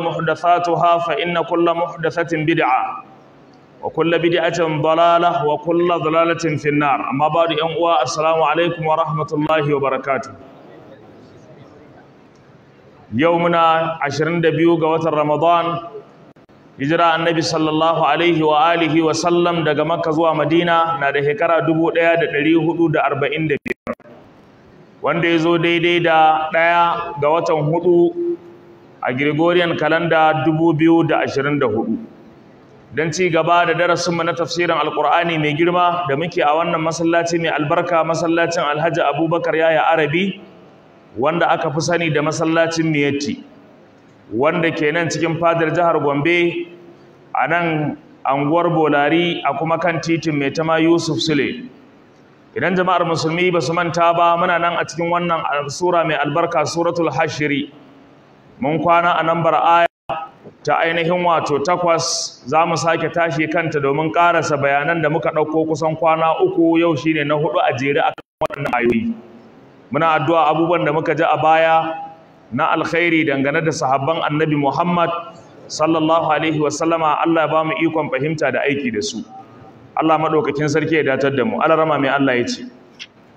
muhdathatuha fa inna kulla muhdathatin bid'a wa kulla bid'atin dalala wa kulla dalalatin fin amma ba da yan uwa assalamu alaikum wa rahmatullahi wa barakatuh yau muna 22 ga watan ramadan hijira annabi sallallahu alaihi wa alihi wa sallam daga makka zuwa madina na da arba'in da 1445 wanda ya zo daidai da ɗaya ga watan hudu a Gregorian calendar 2024 don ci gaba da darasinmu na tafsirin alkur'ani mai girma da muke a wannan masallaci mai albarka masallacin alhaji abubakar yaya arabi wanda aka fi sani da masallacin miyatti wanda ke nan cikin fadar jihar gombe a nan anguwar bolari a kuma kan titin mai tama yusuf sule idan jama'ar musulmi ba su manta ba muna nan a cikin wannan sura mai albarka suratul hashiri mun kwana a nambar aya ta ainihin wato takwas za mu sake tashi kanta domin ƙarasa bayanan da muka ɗauko kusan kwana uku yau shine na hudu a jere a kan waɗannan ayoyi muna addu'a abubuwan da muka ji a baya na alkhairi dangane da sahabban annabi muhammad sallallahu alaihi wasallama allah ya ba mu ikon fahimta da aiki da su allah maɗaukakin sarki ya datar da mu alarama mai allah ya ce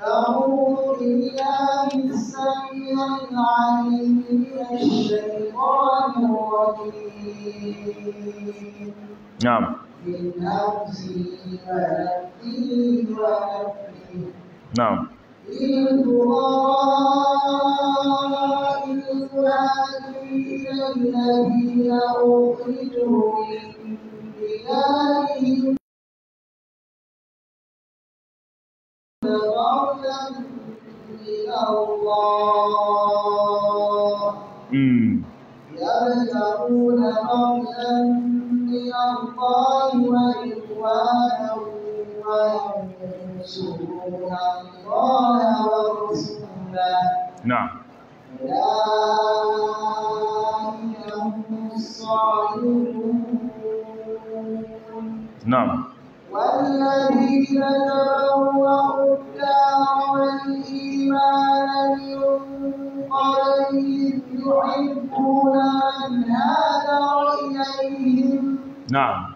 أعوذ العليم من الشيطان الرجيم نعم نعم الذين من بلادهم فضلا من من الله ورضوانا وينصرون الله ورسوله نعم أولئك هم الصالحون نعم والذين تبوأوا Na.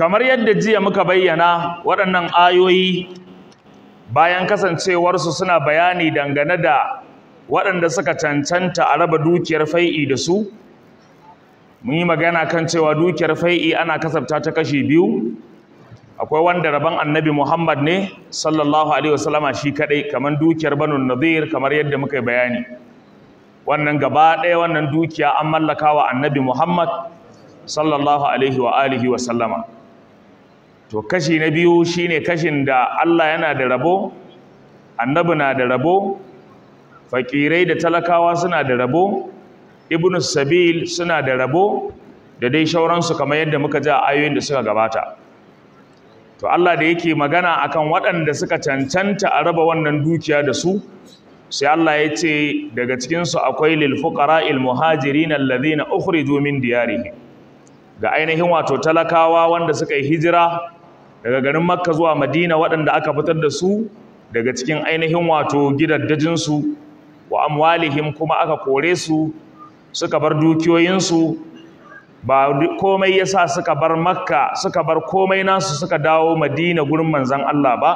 kamar yadda jiya muka bayyana waɗannan ayoyi bayan kasancewarsu suna bayani dangane da waɗanda suka cancanta a raba dukiyar fai'i da su mun yi magana kan cewa dukiyar fai'i ana kasafta ta kashi biyu akwai wanda rabon annabi muhammad ne sallallahu alaihi wasallama shi kadai, kamar dukiyar banun nadir kamar yadda muka yi bayani wannan gaba ɗaya wannan dukiya an mallaka wa annabi muhammad sallallahu alaihi wa alihi wasallama to kashi na biyu shine kashin da Allah yana da rabo annabi na da rabo fakirai da talakawa suna da rabo ibnu sabil suna da rabo da dai shauransu kamar yadda muka ji a ayoyin da suka gabata to Allah da yake magana akan waɗanda suka cancanta a raba wannan dukiya da su sai Allah ya ce daga cikinsu akwai lil fuqara'il muhajirin alladhina ukhriju min diyarihim ga ainihin wato talakawa wanda suka yi hijira daga garin makka zuwa madina waɗanda aka fitar da su daga cikin ainihin wato gidaddajinsu wa amwalihim kuma aka kore su suka bar dukiyoyinsu ba komai yasa sa suka bar makka suka bar komai nasu suka dawo madina gurin manzan Allah ba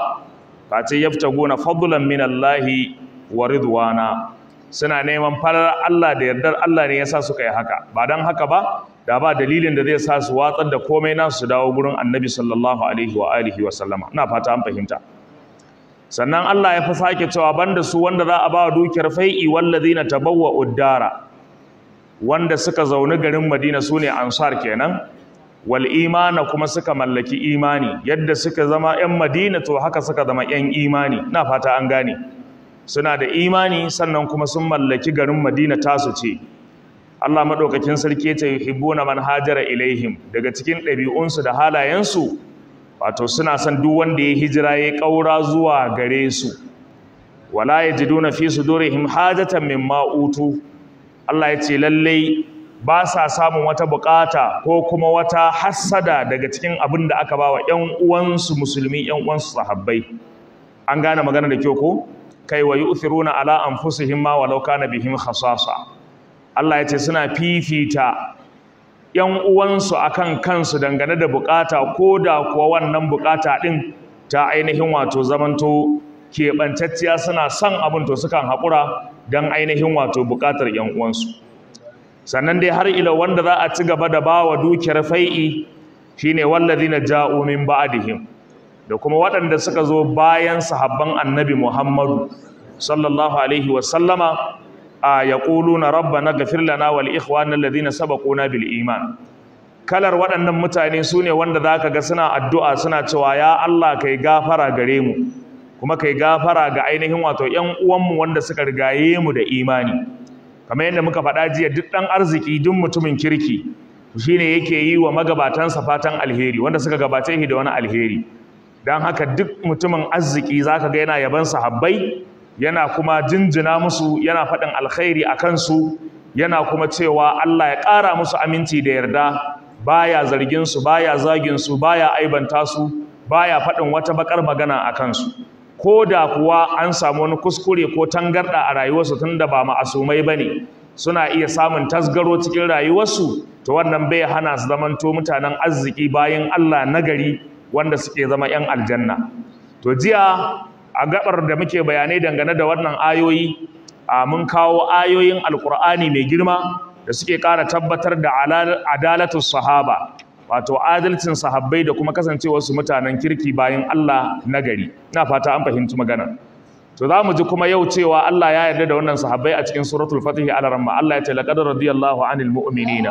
face yaftaguna fadlan min Allahi wa ridwana suna neman farar Allah da yardar Allah ne yasa suka yi haka ba don haka ba da ba dalilin da zai sa su watsar da komai na su dawo gurin annabi sallallahu alaihi wa alihi wa sallama ina fata an fahimta sannan Allah ya fi sake cewa banda su wanda za a ba dukiyar fai'i wallazina tabawwa uddara wanda suka zaune garin Madina sune ansar kenan wal imana kuma suka mallaki imani yadda suka zama ‘yan madina to haka suka zama ‘yan imani na fata an gane suna da imani sannan kuma sun mallaki garin madina tasu ce Allah madaukakin sarki ya ce yuhibbuna man hajara ilaihim daga cikin ɗabi'unsu da halayensu wato suna son duk wanda ya hijira ya kaura zuwa gare su wala yajiduna fi sudurihim hajatan mimma utu Allah ya ce lallai ba sa samun wata bukata ko kuma wata hassada daga cikin abin da aka bawa 'yan uwansu musulmi 'yan uwansu sahabbai an gane magana da kyau ko kai wa yu'thiruna ala anfusihim ma walau kana bihim khasasa Allah ya ce suna fifita ‘yan uwansu a kan kansu dangane da bukata ko da kuwa wannan bukata ɗin ta ainihin wato zamanto keɓantacciya suna son abin to sukan haƙura don ainihin wato bukatar ‘yan uwansu sannan dai har ila wanda za a ci gaba da ba wa dukiyar fai'i shine na ja'u min ba'dihim da kuma waɗanda suka zo bayan sahabban annabi Muhammadu sallallahu alaihi wasallama a yaquluna rabbana ghfir lana wa li na alladhina sabaquna bil iman kalar waɗannan mutane su ne wanda ka ga suna addu'a suna cewa ya Allah kai gafara gare mu kuma kai gafara ga ainihin wato 'yan uwanmu wanda suka rigaye mu da imani kamar yadda muka faɗa jiya duk ɗan arziki duk mutumin kirki shi ne yake yi wa magabatansa fatan alheri wanda suka gabace shi da wani alheri don haka duk mutumin arziki zaka ga yana yabansa sahabbai yana kuma jinjina musu yana faɗin alkhairi a kansu yana kuma cewa Allah ya ƙara musu aminci da yarda baya zarginsu, su baya zagin su baya aibanta su baya faɗin wata baƙar magana a kansu ko da kuwa an samu wani kuskure ko tangarɗa a rayuwarsu tunda ba ma'asumai bane suna iya samun tasgaro cikin rayuwarsu to wannan bai hana su zamanto mutanen arziki bayan Allah nagari wanda suke zama 'yan aljanna to jiya a gabar da muke bayanai dangane da wannan ayoyi a mun kawo ayoyin alkur'ani mai girma da suke ƙara tabbatar da adalatul sahaba wato adalcin sahabbai da kuma kasancewar su mutanen kirki bayan Allah nagari ina fata an fahimci magana to zamu ji kuma yau cewa Allah ya yarda da wannan sahabbai a cikin suratul fatih ala ramma Allah ya ce laqad radiyallahu anil mu'minina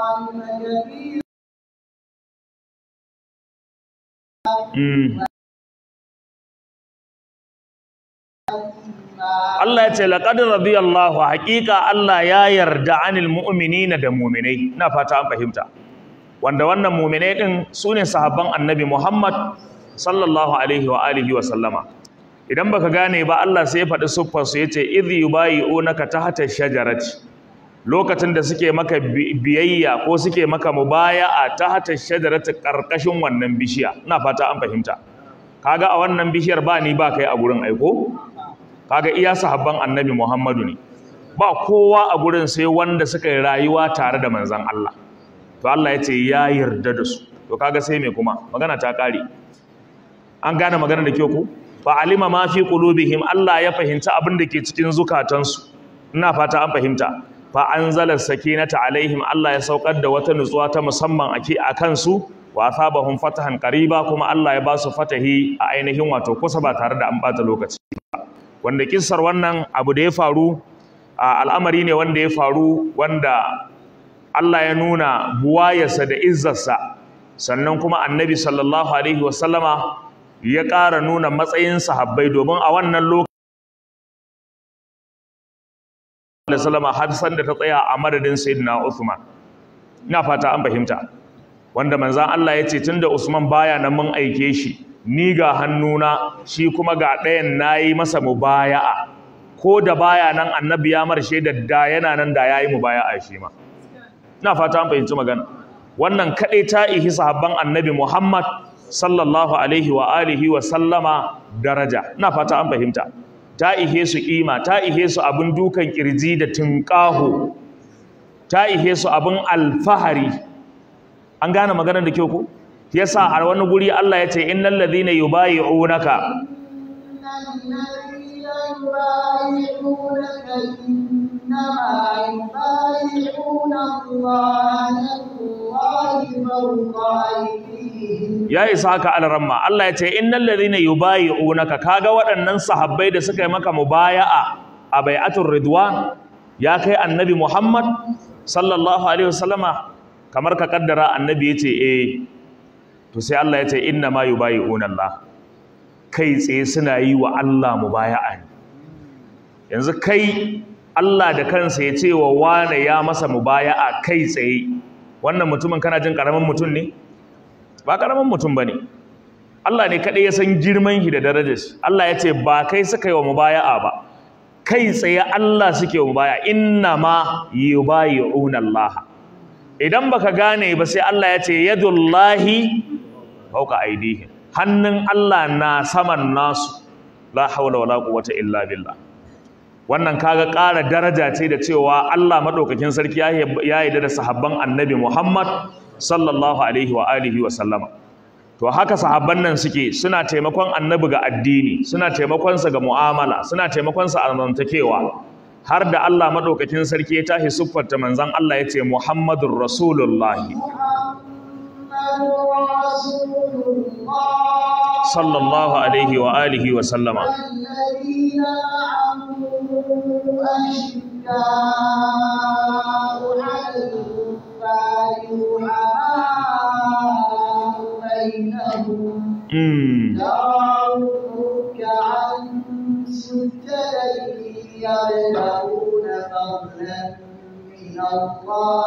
Allah ya ce laqad radiyallahu haqiqa Allah ya yarda anil mu'minina da mu'minai ina fata an fahimta wanda wannan mu'minai din sune sahabban Annabi Muhammad sallallahu alaihi wa alihi wa sallama idan baka gane ba Allah sai ya faɗi suffar su yace idh yubayi'unaka tahta shajarati lokacin da suke maka biyayya ko suke maka a ta hata shajarata karkashin wannan bishiya ina fata an fahimta kaga a wannan bishiyar ba ni ba kai a gurin aiko kaga iya sahabban annabi Muhammadu ne ba kowa a gurin sai wanda suka yi rayuwa tare da manzan Allah to Allah ya ce ya yarda da su to kaga sai me kuma magana ta kare an gane magana da kyau ko fa alima ma fi qulubihim Allah ya fahimta abin da ke cikin zukatansu ina fata an fahimta fa anzala sakinata alaihim Allah ya saukar da wata nutsuwa ta musamman ake a kansu wa asabahum fatahan qariba kuma Allah ya ba su fatahi a ainihin wato kusa ba tare da an bata lokaci ba wanda kissar wannan abu da ya faru al'amari ne wanda ya faru wanda Allah ya nuna buwayarsa da izzarsa sannan kuma annabi sallallahu alaihi wasallama ya ƙara nuna matsayin sahabbai domin a wannan lokacin alaihi har san da ta tsaya a madadin sayyidina Usman ina fata an fahimta wanda manzon Allah ya ce tunda Usman baya nan mun aike shi ni ga hannuna shi kuma ga ɗayan nayi masa mubaya'a ko da baya nan annabi ya marshe da da yana nan da yayi mubaya'a shi ma ina fata an fahimci magana wannan kadai ta ihi sahabban annabi Muhammad sallallahu alaihi wa alihi wa sallama daraja ina fata an fahimta ta ihe su ƙima, ta ihe su abin dukan ƙirji da tunƙaho ta ihe su abin alfahari an gane maganar da kyau ko yasa a wani guri Allah ya ce innal ladhina yubayi'unaka إنما يبايعون الله يد الله ya isa haka alramma Allah ya ce innal ladhina yubayi'unaka kaga waɗannan sahabbai da suka yi maka mubaya'a a bai'atul ridwan ya kai annabi Muhammad sallallahu alaihi wasallama kamar ka kaddara annabi yace eh to sai Allah ya ce inna ma yubayi'una Allah kai tsaye suna yi wa Allah mubaya'a yanzu kai Allah da kansa ya ce wa wane ya masa mubaya'a kai tsaye wannan mutumin kana jin karamin mutum ne ba ƙaramin mutum ba ne Allah ne kaɗai ya san girman shi da darajar shi Allah ya ce ba kai suka yi wa mubaya'a ba kai tsaye Allah suke wa mubaya inna ma yubayi'una Allah idan baka gane ba sai Allah ya ce yadullahi fawqa aydihim hannun Allah na saman nasu la hawla wala quwwata illa billa. wannan kaga ƙara daraja ce da cewa Allah maɗaukakin sarki ya yarda da sahabban Annabi Muhammad sallallahu alaihi wa alihi wa sallama to haka sahabban nan suke suna taimakon annabi ga addini suna taimakonsa ga mu'amala suna taimakonsa sa almantakewa har da Allah madaukakin sarki ya tahi siffarta manzon Allah ya ce Muhammadur Rasulullah sallallahu alaihi wa alihi wa sallama Allah.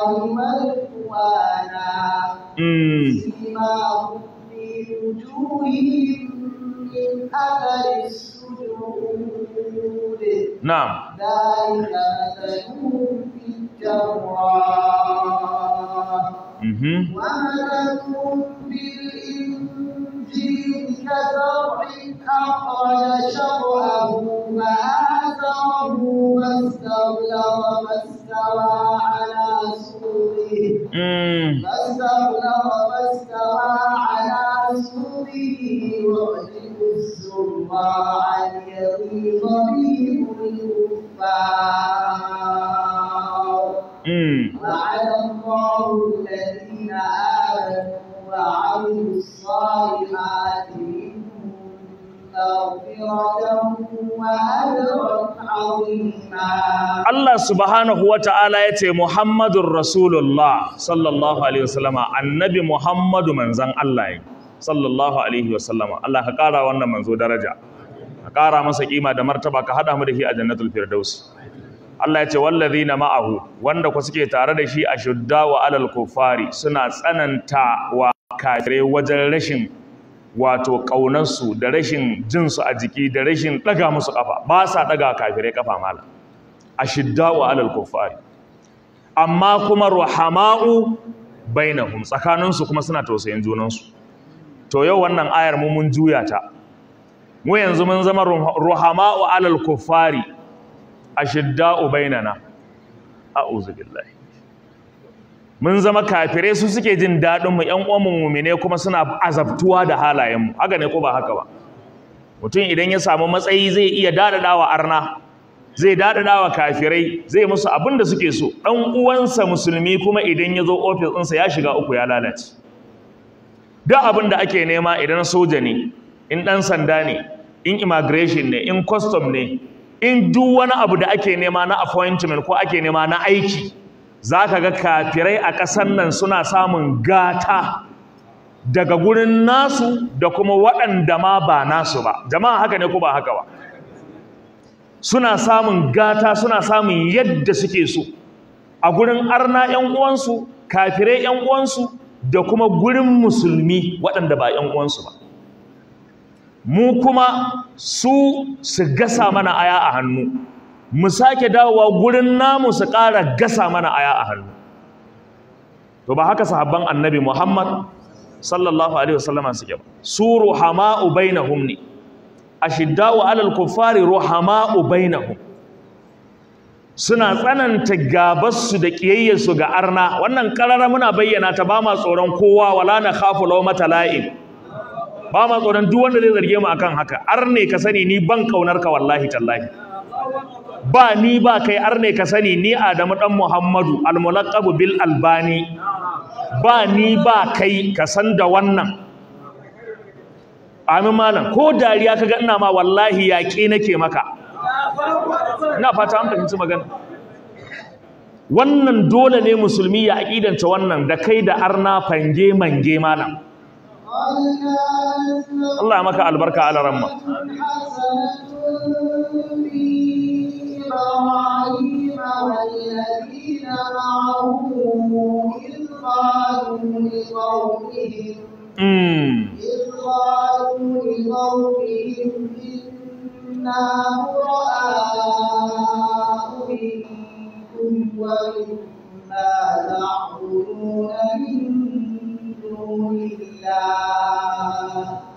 Allah subhanahu wa ta'ala ya ce Muhammadun Rasulullah sallallahu Alaihi wasallama annabi Muhammadu manzan Allah ya sallallahu Alaihi wasallama Allah ka ƙara wannan manzo daraja ka ƙara masa ƙima da martaba ka haɗa mu da shi a jannatul firdausi Allah ya ce wallazi na ma'ahu wanda ku suke tare da shi a shudda wa alal kufari suna tsananta wa kare wajen rashin wato ƙaunarsu da rashin jinsu a jiki da rashin ɗaga musu ƙafa ba sa ɗaga kafirai ƙafa malam ashidda'u alal kuffari amma kuma ruhama'u bainahum tsakaninsu kuma suna tausayin junansu to yau wannan ayar mu mun juya ta mu yanzu mun zama ruhama'u alal kuffari ashidda'u bainana a'udhu billahi mun zama kafire su suke jin daɗinmu ‘yan mu mumine kuma suna azabtuwa da halayenmu haka ne ko ba haka ba mutum idan ya samu matsayi zai iya daɗaɗa arna zai daɗaɗa wa kafirai zai musu abin da suke so ɗan uwansa musulmi kuma idan ya zo ofis ɗinsa ya shiga uku ya lalace duk abin da ake nema idan soja ne in ɗan sanda ne in immigration ne in custom ne in duk wani abu da ake nema na appointment ko ake nema na aiki za ka ga kafirai a ƙasar nan suna samun gata daga gurin nasu da kuma waɗanda ma ba nasu ba jama'a haka ne ko ba haka ba suna samun gata suna samun yadda suke so a gurin arna ƴan uwansu kafirai ƴan uwansu da kuma gurin musulmi waɗanda ba ƴan uwansu ba mu kuma su su gasa mana aya a hannu mu sake dawowa gurin namu su ƙara gasa mana aya a hannu to ba haka sahabban annabi Muhammad sallallahu alaihi wasallama suke ba su ruhama'u bainahum ne ashidda'u alal kuffari ruhama'u bainahum suna tsananta gabarsu da ƙiyayyarsu ga arna wannan karara muna bayyana ta ba ma tsoron kowa wala na khafu law matala'im ba ma tsoron duk wanda zai zarge mu akan haka arne ka sani ni ban kaunar ka wallahi tallahi ba ni ba kai arne ka sani ni Adamu dan Muhammadu al-mulaqabu bil albani ba ni ba kai ka san da wannan amin malam ko dariya kaga ina ma wallahi yaƙi nake maka ina fata an fahimci magana wannan dole ne musulmi ya aƙidanta wannan da kai da arna fange mange malam Allah maka albarka ala ramma والذين hmm.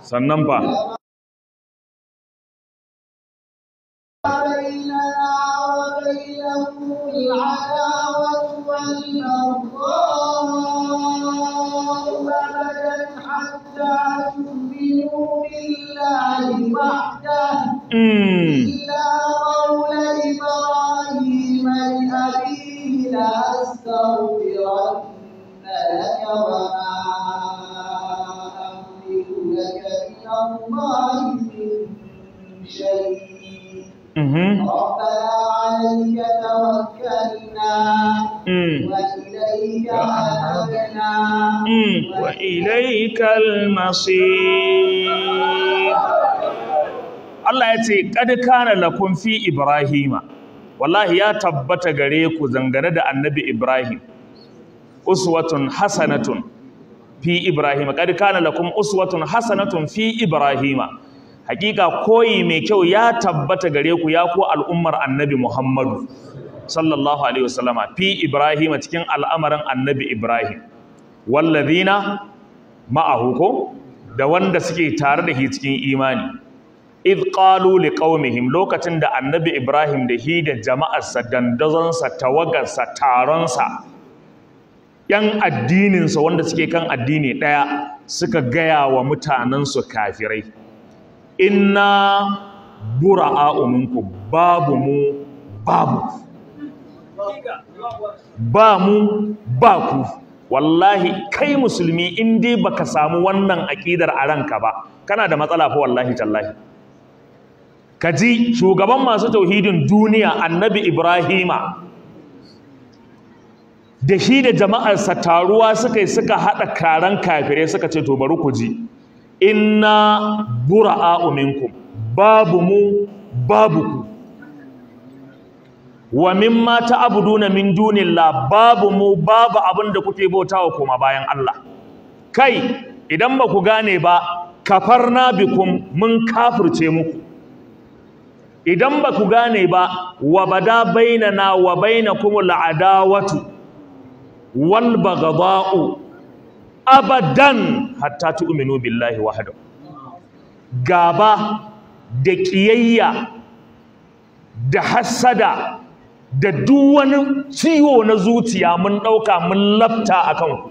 sannan fa nasir Allah ya ce kad na lakum fi ibrahima wallahi ya tabbata gare ku zangane da annabi ibrahim uswatun hasanatun fi ibrahima kad na lakum uswatun hasanatun fi ibrahima hakika koyi mai kyau ya tabbata gare ku ya ku al'ummar annabi muhammadu sallallahu alaihi wasallama fi ibrahima cikin al'amarin annabi ibrahim wallazina ma'ahu ko da wanda suke tare da shi cikin imani idh qalu liqaumihim lokacin da annabi ibrahim da shi da jama'arsa dandazonsa tawagarsa taronsa yan addininsa wanda suke kan addini ɗaya suka gaya wa mutanensu kafirai inna bura'a'u minkum babu mu babu ba mu ba ku wallahi kai musulmi in dai baka samu wannan aƙidar a ranka ba kana da matsala fa wallahi tallahi ka shugaban masu tauhidin duniya annabi ibrahima da shi da jama'arsa taruwa suka suka haɗa karan kafirai suka ce to bari ku ji inna bura'a'u minkum babu mu babu ku wa mimma ta'buduna min la babu mu babu abin da kuke wa kuma bayan Allah kai idan ba ku gane ba kafar kafarna bikum mun kafirce muku idan ba ku gane ba wa bada bainana wa bainakum al'adawatu wal baghdha'u abadan hatta tu'minu billahi wahda gaba da kiyayya da hasada. da duk wani ciwo na zuciya mun ɗauka mun lafta a kan ku,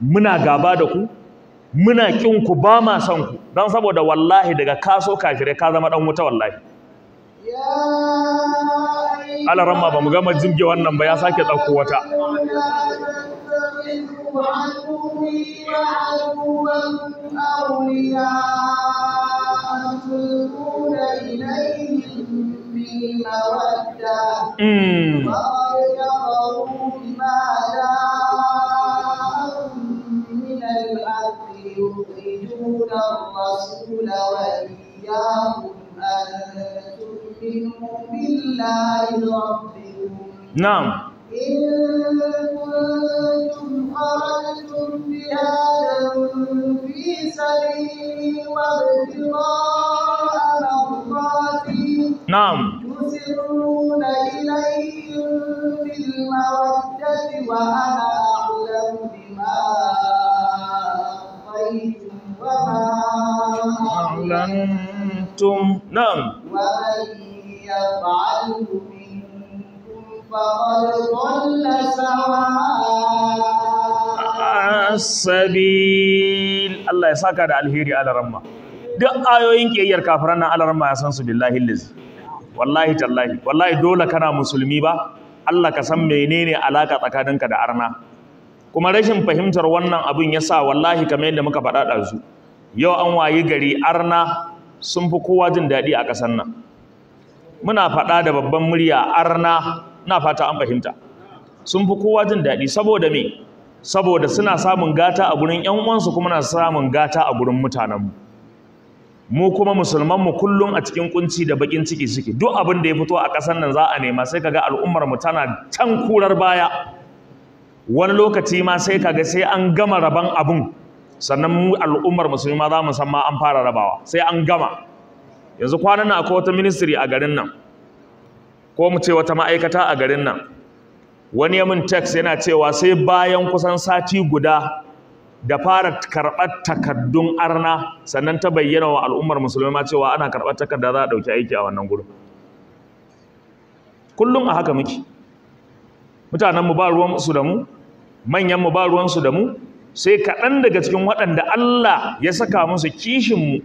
muna gaba da ku muna ƙin ku ba ma son ku don saboda wallahi daga kaso kafire ka zama ɗan wuta wallahi alaramma ba mu gama jimge wannan ba ya sake ɗauko wata كفروا جاءهم من الرسول أن تؤمنوا بالله نعم إن كنتم خرجتم جهادا في سبيلي وابتغاء مرضاتي نعم تسرون إليهم بالمودة وأنا أعلم بما أخفيتم وما أعلنتم نعم ومن يفعله منكم فقد ضل سواء السبيل الله يسعدك على الهيري على رمه duk ayoyin kiyayyar kafiran nan alarma ya san su billahi liz wallahi tallahi wallahi dole kana musulmi ba Allah ka san menene alaka tsakaninka da arna kuma rashin fahimtar wannan abun ya sa wallahi kamar yadda muka faɗa ɗazu yau an wayi gari arna sun fi kowa jin daɗi a ƙasar nan muna faɗa da babban murya arna na fata an fahimta sun fi kowa jin daɗi saboda me saboda suna samun gata a gurin 'yan uwansu kuma na samun gata a gurin mutanenmu mu kuma musulman mu kullum a cikin kunci da bakin ciki suke duk abin da ya fito a ƙasar nan za a nema sai kaga al'ummar mu tana can kurar baya wani lokaci ma sai kaga sai an gama raban abun sannan mu al'ummar musulma za mu san ma an fara rabawa sai an gama yanzu kwanan nan akwai wata ministry a garin nan ko mu ce wata ma'aikata a garin nan wani ya min text yana cewa sai bayan kusan sati guda da fara karɓar takardun arna sannan ta bayyana wa al'ummar musulmi ma cewa ana karɓar takarda za a ɗauki aiki a wannan gurin kullum a haka muke mutanenmu ba ruwansu da mu manyanmu ba ruwansu da mu sai kaɗan daga cikin waɗanda Allah ya saka musu kishinmu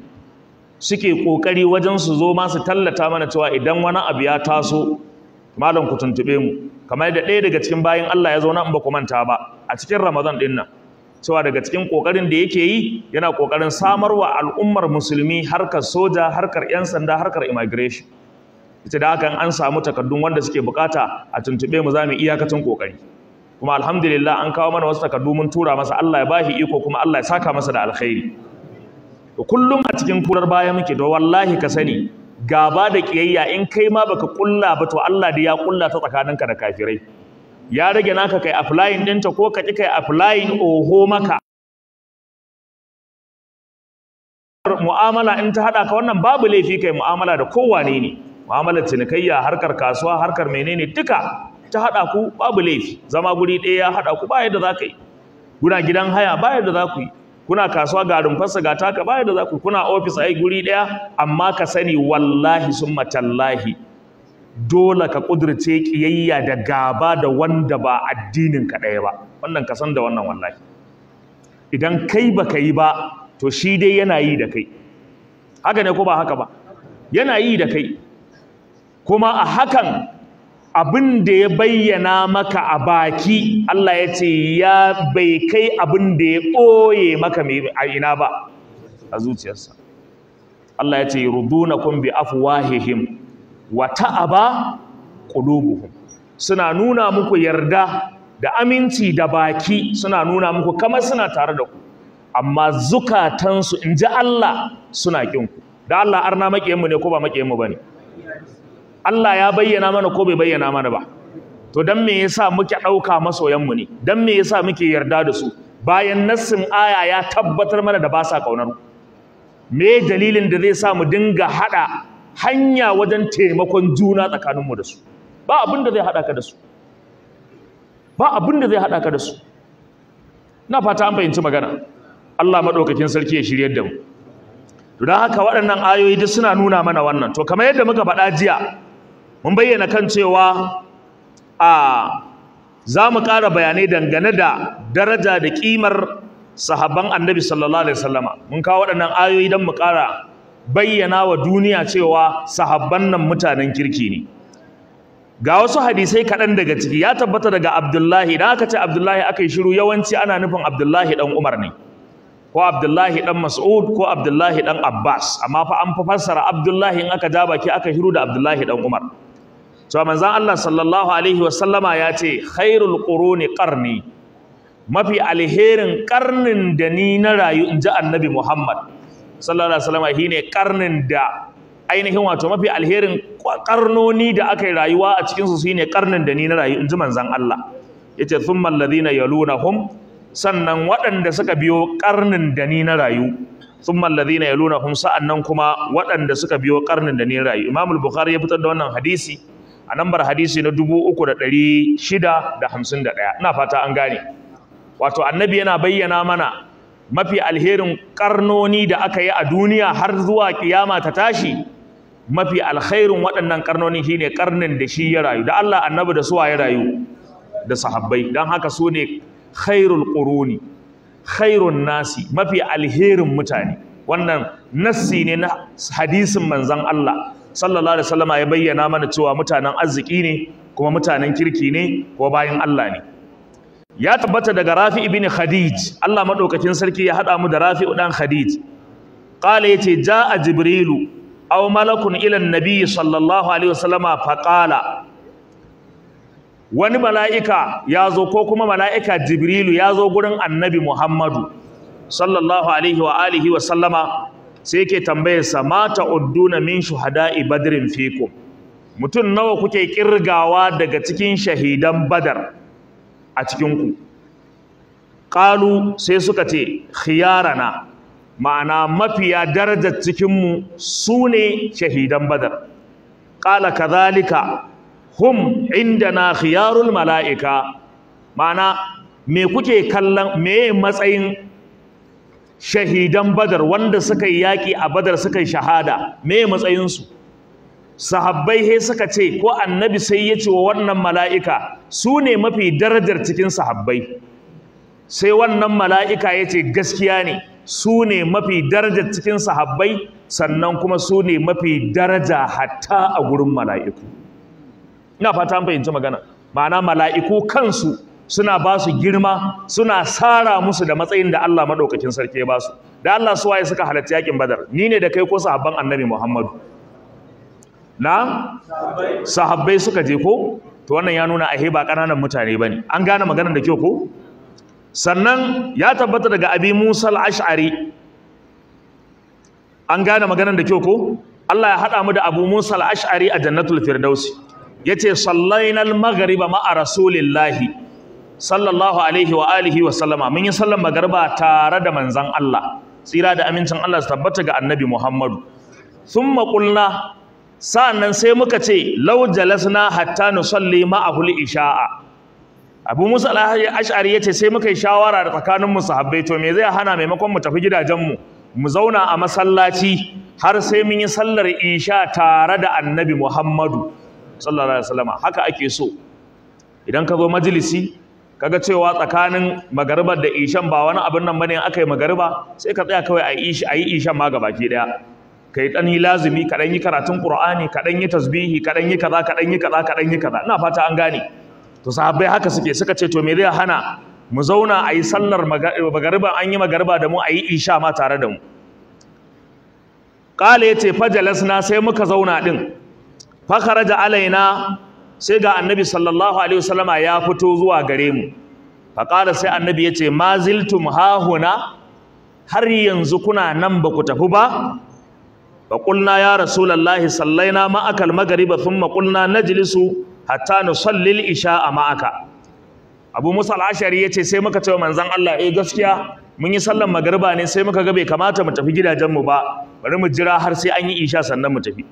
suke ƙoƙari wajen su zo ma tallata mana cewa idan wani abu ya taso malam ku mu kamar da ɗaya daga cikin bayan Allah ya zo nan ba ku manta ba a cikin Ramadan ɗin nan cewa daga cikin kokarin da yake yi yana kokarin samarwa al'ummar musulmi harkar soja harkar 'yan sanda harkar immigration ita da hakan an samu takardun wanda suke bukata a tuntube mu za mu iyakacin kokari kuma alhamdulillah an kawo mana wasu takardu mun tura masa Allah ya bashi iko kuma Allah ya saka masa da alkhairi to kullum a cikin kurar baya muke to wallahi ka sani gaba da kiyayya in kai ma baka kulla ba to Allah da ya kulla ta tsakaninka da kafirai ya rage naka kai applying ɗinta ko ka ƙi kai applying oho maka mu'amala in ta haɗa ka wannan babu laifi kai mu'amala da kowane ne mu'amalar cinikayya harkar kasuwa harkar menene duka ta haɗa ku babu laifi zama guri ɗaya ya haɗa ku ba yadda za ka yi kuna gidan haya ba yadda za ku yi kuna kasuwa ga rumfarsa ga taka ba yadda za ku kuna ofis a guri ɗaya amma ka sani wallahi summa tallahi dole ka kudurce kiyayya da gaba da wanda ba addinin ka ɗaya ba wannan ka san da wannan wallahi idan kai baka yi ba to shi dai yana yi da kai haka ne ko ba haka ba yana yi da kai kuma a hakan abin da ya bayyana maka a baki Allah ya ce ya bai kai abin da ya ɓoye maka mai a ina ba a zuciyarsa Allah ya ce kun bi afwahihim wa ta'aba qulubuhum suna nuna muku yarda da aminci da baki suna nuna muku kamar suna tare da ku amma zukatansu in ji Allah suna kin ku da Allah arna maƙiyanmu ne ko ba maƙiyanmu ba ne Allah ya bayyana mana ko bai bayyana mana ba to don me yasa muke ɗauka masoyanmu ne don me yasa muke yarda da su bayan nassin aya ya tabbatar mana da ba sa ƙaunar me dalilin da zai sa mu dinga haɗa hanya wajen taimakon juna tsakaninmu da su ba abin da zai haɗa ka da su ba abin da zai haɗa ka da su na fata an fahimci magana Allah maɗaukakin sarki ya shiryar da mu to don haka waɗannan ayoyi duk suna nuna mana wannan to kamar yadda muka faɗa jiya mun bayyana kan cewa a za mu ƙara bayanai dangane da daraja da ƙimar sahabban annabi sallallahu alaihi wasallama mun kawo waɗannan ayoyi don mu ƙara bayyana wa duniya cewa sahabban nan mutanen kirki ne ga wasu hadisai kaɗan daga ciki ya tabbata daga abdullahi da aka ce abdullahi aka yi shiru yawanci ana nufin abdullahi ɗan umar ne ko abdullahi ɗan mas'ud ko abdullahi ɗan abbas amma fa an fa fassara abdullahi in aka ja baki aka shiru da abdullahi ɗan umar to manzon allah sallallahu alaihi wasallama ya ce khairul quruni qarni mafi alherin karnin da ni na rayu inji annabi muhammad sallallahu alaihi wasallam shine karnin da ainihin wato mafi alherin karnoni da aka yi rayuwa a cikin su shine karnin da ni na rayu inji manzon Allah yace thumma alladhina yalunahum sannan waɗanda suka biyo karnin da ni na rayu thumma alladhina yalunahum sa'annan kuma waɗanda suka biyo karnin da ni na rayu Imamul bukhari ya fitar da wannan hadisi a lambar hadisi na 3651 ina fata an gane wato annabi yana bayyana mana mafi alherin karnoni da aka yi a duniya har zuwa kiyama ta tashi mafi alherin waɗannan karnoni shine karnin da shi ya rayu da Allah annabi da suwa ya rayu da sahabbai don haka su ne khairul ƙuruni khairun nasi mafi alherin mutane wannan nassi ne na hadisin manzan Allah sallallahu alaihi wasallama ya bayyana mana cewa mutanen arziki ne kuma mutanen kirki ne ko bayan Allah ne ya tabbata daga rafi ibn khadij Allah madaukakin sarki ya hada mu da rafi dan khadij qala yace jaa jibrilu aw malakun ila annabi sallallahu alaihi wasallama fa qala wani mala'ika ya zo ko kuma mala'ika jibrilu ya zo gurin annabi muhammadu sallallahu alaihi wa alihi wa sallama sai yake tambayar sa mata udduna min shuhada'i badrin fikum mutum nawa kuke kirgawa daga cikin shahidan badar a cikinku ƙalu sai suka ce na. ma'ana mafiya darajar cikinmu su ne shahidan badar ƙala kazalika hum inda na khiyarul mala'ika ma'ana me kuke kallon meye matsayin shahidan badar wanda suka yi yaƙi a badar suka yi shahada meye matsayinsu sahabbai he suka ce ko annabi sai ya ce wa wannan mala'ika su ne mafi darajar cikin sahabbai sai wannan mala'ika ya ce gaskiya ne su ne mafi darajar cikin sahabbai sannan kuma su ne mafi daraja hatta a gurin mala'iku ina fata an fahimci magana ma'ana mala'iku kansu suna ba su girma suna sara musu da matsayin da Allah maɗaukakin sarki ya ba su da Allah suwaye suka halarci yakin badar ni ne da kai ko sahabban annabi Muhammadu na sahabbai suka je ko to wannan ya nuna ahe ba kananan mutane bane an gane maganar da kyau ko sannan ya tabbata daga abi musa al-ash'ari an gane maganar da kyau ko Allah ya haɗa mu da abu musa al-ash'ari a jannatul firdausi yace al-maghrib ma'a rasulillahi sallallahu alaihi wa alihi wa sallama mun yi sallan magriba tare da manzon Allah tsira da amincin Allah su tabbata ga annabi Muhammadu thumma qulna sa'annan sai muka ce law jalasna hatta nusalli ma'ahul isha'a Abu Musa al-Ash'ari ce sai muka yi shawara da tsakanin su sahabbai to me zai hana maimakon mu tafi gidajen mu mu zauna a masallaci har sai mun yi sallar isha tare da annabi Muhammadu sallallahu alaihi wasallam haka ake so idan ka zo majalisi kaga cewa tsakanin magaribar da ishan ba wani abin nan bane aka yi magariba sai ka tsaya kawai a yi isha ma gabaki daya kai dan yi lazimi ka yi karatun qur'ani ka dan yi tasbihi ka dan yi kaza ka dan yi kaza ka dan yi kaza ina fata an gane to sahabbai haka suke suka ce to me zai hana mu zauna a yi sallar magariba an yi magariba da mu a yi isha ma tare da mu ƙala ya ce fajalasna sai muka zauna din. fakara da alaina sai ga annabi sallallahu alaihi wasallama ya fito zuwa gare mu faƙala sai annabi ya ce ma ziltum hahuna har yanzu kuna nan ba ku tafi ba ya فقلنا يا رسول الله صلينا معك المغرب ثم قلنا نجلس حتى نصلي العشاء معك Abu Musa al ya ce sai muka ce manzon Allah eh gaskiya mun yi sallan magriba ne sai muka ga bai kamata mu tafi gidajen mu ba bari mu jira har sai an yi isha sannan mu tafi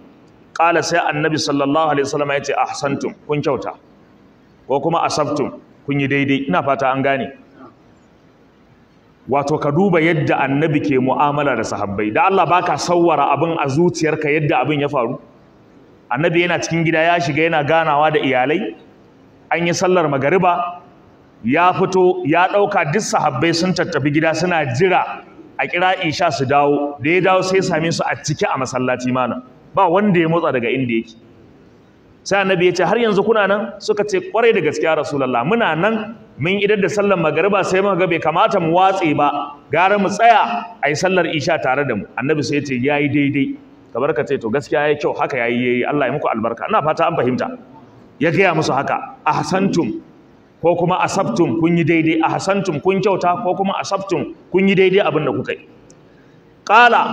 qala sai annabi sallallahu alaihi wasallam yace ahsantum kun kyauta ko kuma asabtum kun yi daidai ina fata an gane wato ka duba yadda annabi ke mu'amala da sahabbai da Allah baka sawwara abin a zuciyarka yadda abin ya faru annabi yana cikin gida ya shiga yana ganawa da iyalai an yi sallar magariba ya fito ya ɗauka duk sahabbai sun tattafi gida suna jira a kira isha su dawo da ya dawo sai same su a cike a masallaci mana ba wanda ya motsa daga inda yake sai annabi ya ce har yanzu kuna nan suka ce kwarai da gaskiya rasulullah muna nan mun idar da sallar magariba sai muka ga bai kamata mu watse ba gara mu tsaya a sallar isha tare da mu annabi sai ya ce yayi daidai kamar ka ce to gaskiya ya kyau haka ya yayi ya Allah ya muku albarka ina fata an fahimta ya gaya musu haka ahsantum ko kuma asabtum kun yi daidai ahsantum kun kyauta ko kuma asabtum kun yi daidai abin da kuka yi qala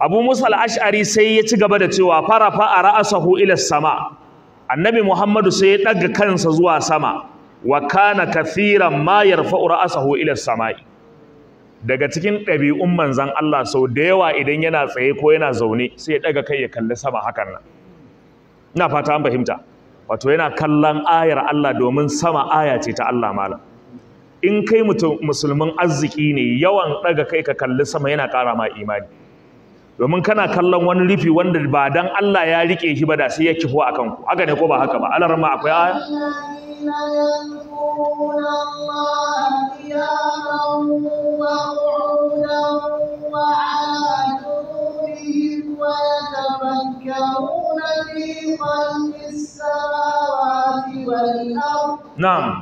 abu musa al-ash'ari sai ya ci gaba da cewa farafa a ra'asahu ila sama annabi muhammadu sai ya daga kansa zuwa sama wa kana kathiran ma yarfa'u ra'sahu ila samai daga cikin ɗabi'un manzon Allah sau da yawa idan yana tsaye ko yana zaune sai ya daga kai ya kalli sama hakan nan ina fata an fahimta wato yana kallon ayar Allah domin sama aya ce ta Allah malam in kai musulmin arziki ne yawan daga kai ka kalli sama yana ƙara ma imani domin kana kallon wani rufi wanda ba dan Allah ya rike shi ba da sai ya kifo akan ku haka ne ko ba haka ba alarma akwai aya الذين يذكرون الله قياما وقعودا وعلى جنوبهم ويتفكرون في خلق السماوات والأرض نعم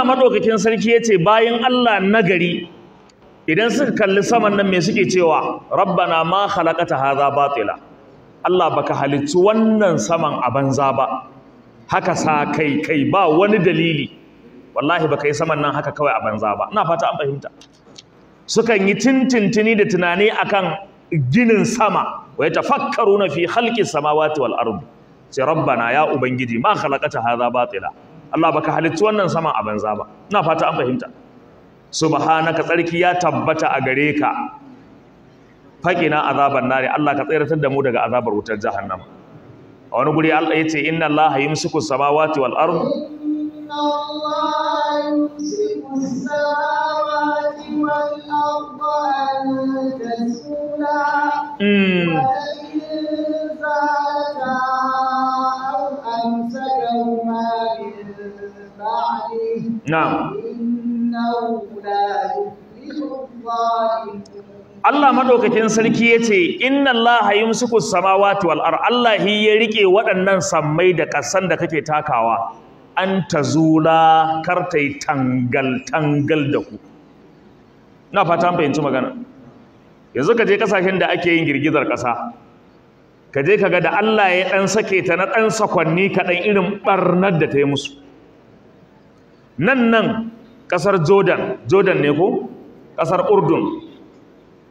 Allah madaukakin sarki yace bayan Allah nagari idan suka kalli saman nan me suke cewa rabbana ma khalaqata hadha batila Allah baka halittu wannan saman a banza ba haka sa kai kai ba wani dalili wallahi baka yi saman nan haka kawai a banza ba ina fata an fahimta sukan yi tintintini da tunani akan ginin sama wa yatafakkaruna fi khalqis samawati wal ardi sai rabbana ya ubangiji ma khalaqata hadha batila Allah baka halitta wannan saman a banza ba ina fata an fahimta subhanaka tsarki ya tabbata a gare ka faqina azaban nari Allah ka tsiratar da mu daga azabar wutar jahannama a wani guri Allah yace inna Allah yumsiku samawati wal ard inna Allah yumsiku samawati wal ard an نعم Allah madaukakin sarki yace inna Allah yumsiku samawati wal ar Allah ya rike waɗannan sammai da ƙasan da kake takawa an tazula kartai tangal tangal da ku na fata an fahimci magana yanzu ka je kasashen da ake yin girgizar ƙasa ka je ka ga da Allah ya ɗan sake ta na ɗan sakwanni kaɗan irin ɓarnar da ta yi musu nan nan ƙasar jordan jordan ne ko ƙasar urdun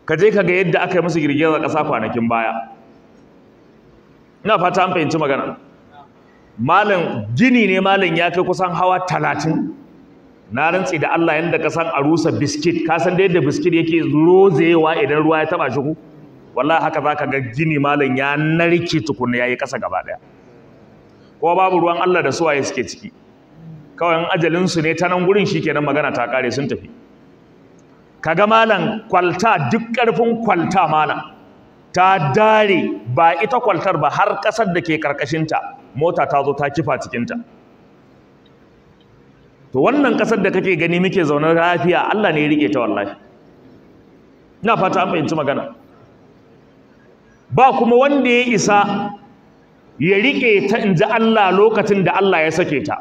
ka je ka ga yadda aka yi musu girgizar ƙasa kwanakin baya ina fata an fahimci magana malam gini ne malam ya kai kusan hawa talatin na rantsi da Allah yadda ka san a rusa biskit ka san da yadda biskit yake rozewa idan ruwa ya taba shi ku wallahi haka zaka ga gini malam ya narke tukunna yayi kasa gaba daya ko babu ruwan Allah da suwaye suke ciki kawai ajalinsu ne ta nan gurin shi kenan magana ta kare sun tafi Ka ga malam kwalta duk ƙarfin kwalta mana ta dare ba ita kwaltar ba har ƙasar da ke ƙarƙashinta mota ta zo ta kifa cikinta to wannan ƙasar da kake gani muke zaune lafiya Allah ne ya rike ta wallahi ina fata an fahimci magana ba kuma wanda ya isa ya riƙe ta inji Allah lokacin da Allah ya sake ta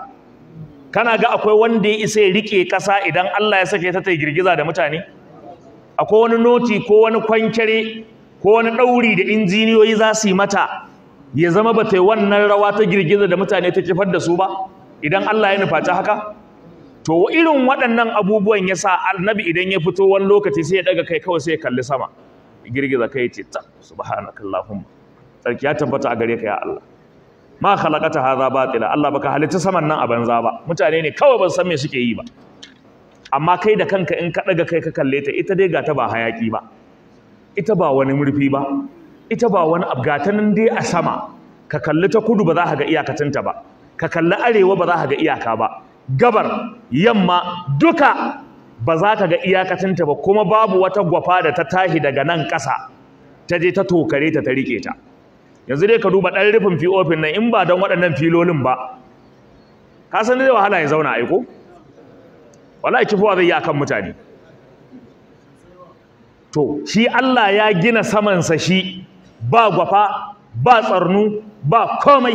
kana ga akwai wanda ya isa ya rike ƙasa idan Allah ya sake ta ta girgiza da mutane akwai wani noti ko wani kwankere ko wani ɗauri da injiniyoyi za su yi mata ya zama ba ta yi wannan rawa ta girgiza da mutane ta kifar da su ba idan Allah ya nufa ta haka to irin waɗannan abubuwan ya sa annabi idan ya fito wani lokaci sai ya ɗaga kai kawai sai ya kalli sama girgiza kai ce ta subhanakallahumma sarki ya tabbata a gare ka ya Allah ma khalaqata hadha batila Allah baka halitta saman nan a banza ba mutane ne kawai ban san me suke yi ba amma kai da kanka in ka daga kai ka kalle ta ita dai gata ba hayaki ba ita ba wani murfi ba ita ba wani abgata nan dai a sama ka kalli ta kudu ba za ka ga iyakacinta ba ka kalli arewa ba za ka ga iyaka ba gabar yamma duka ba za ka ga iyakacinta ba kuma babu wata gwafa da ta tahi daga nan ƙasa ta je ta tokare ta ta riƙe ta yanzu dai ka duba ɗan rufin pop nan in ba don waɗannan filolin ba ka san zai wahala ya zauna aiko wallahi kifuwa zai yi kan mutane to shi Allah ya gina samansa shi ba gwafa ba tsarnu ba komai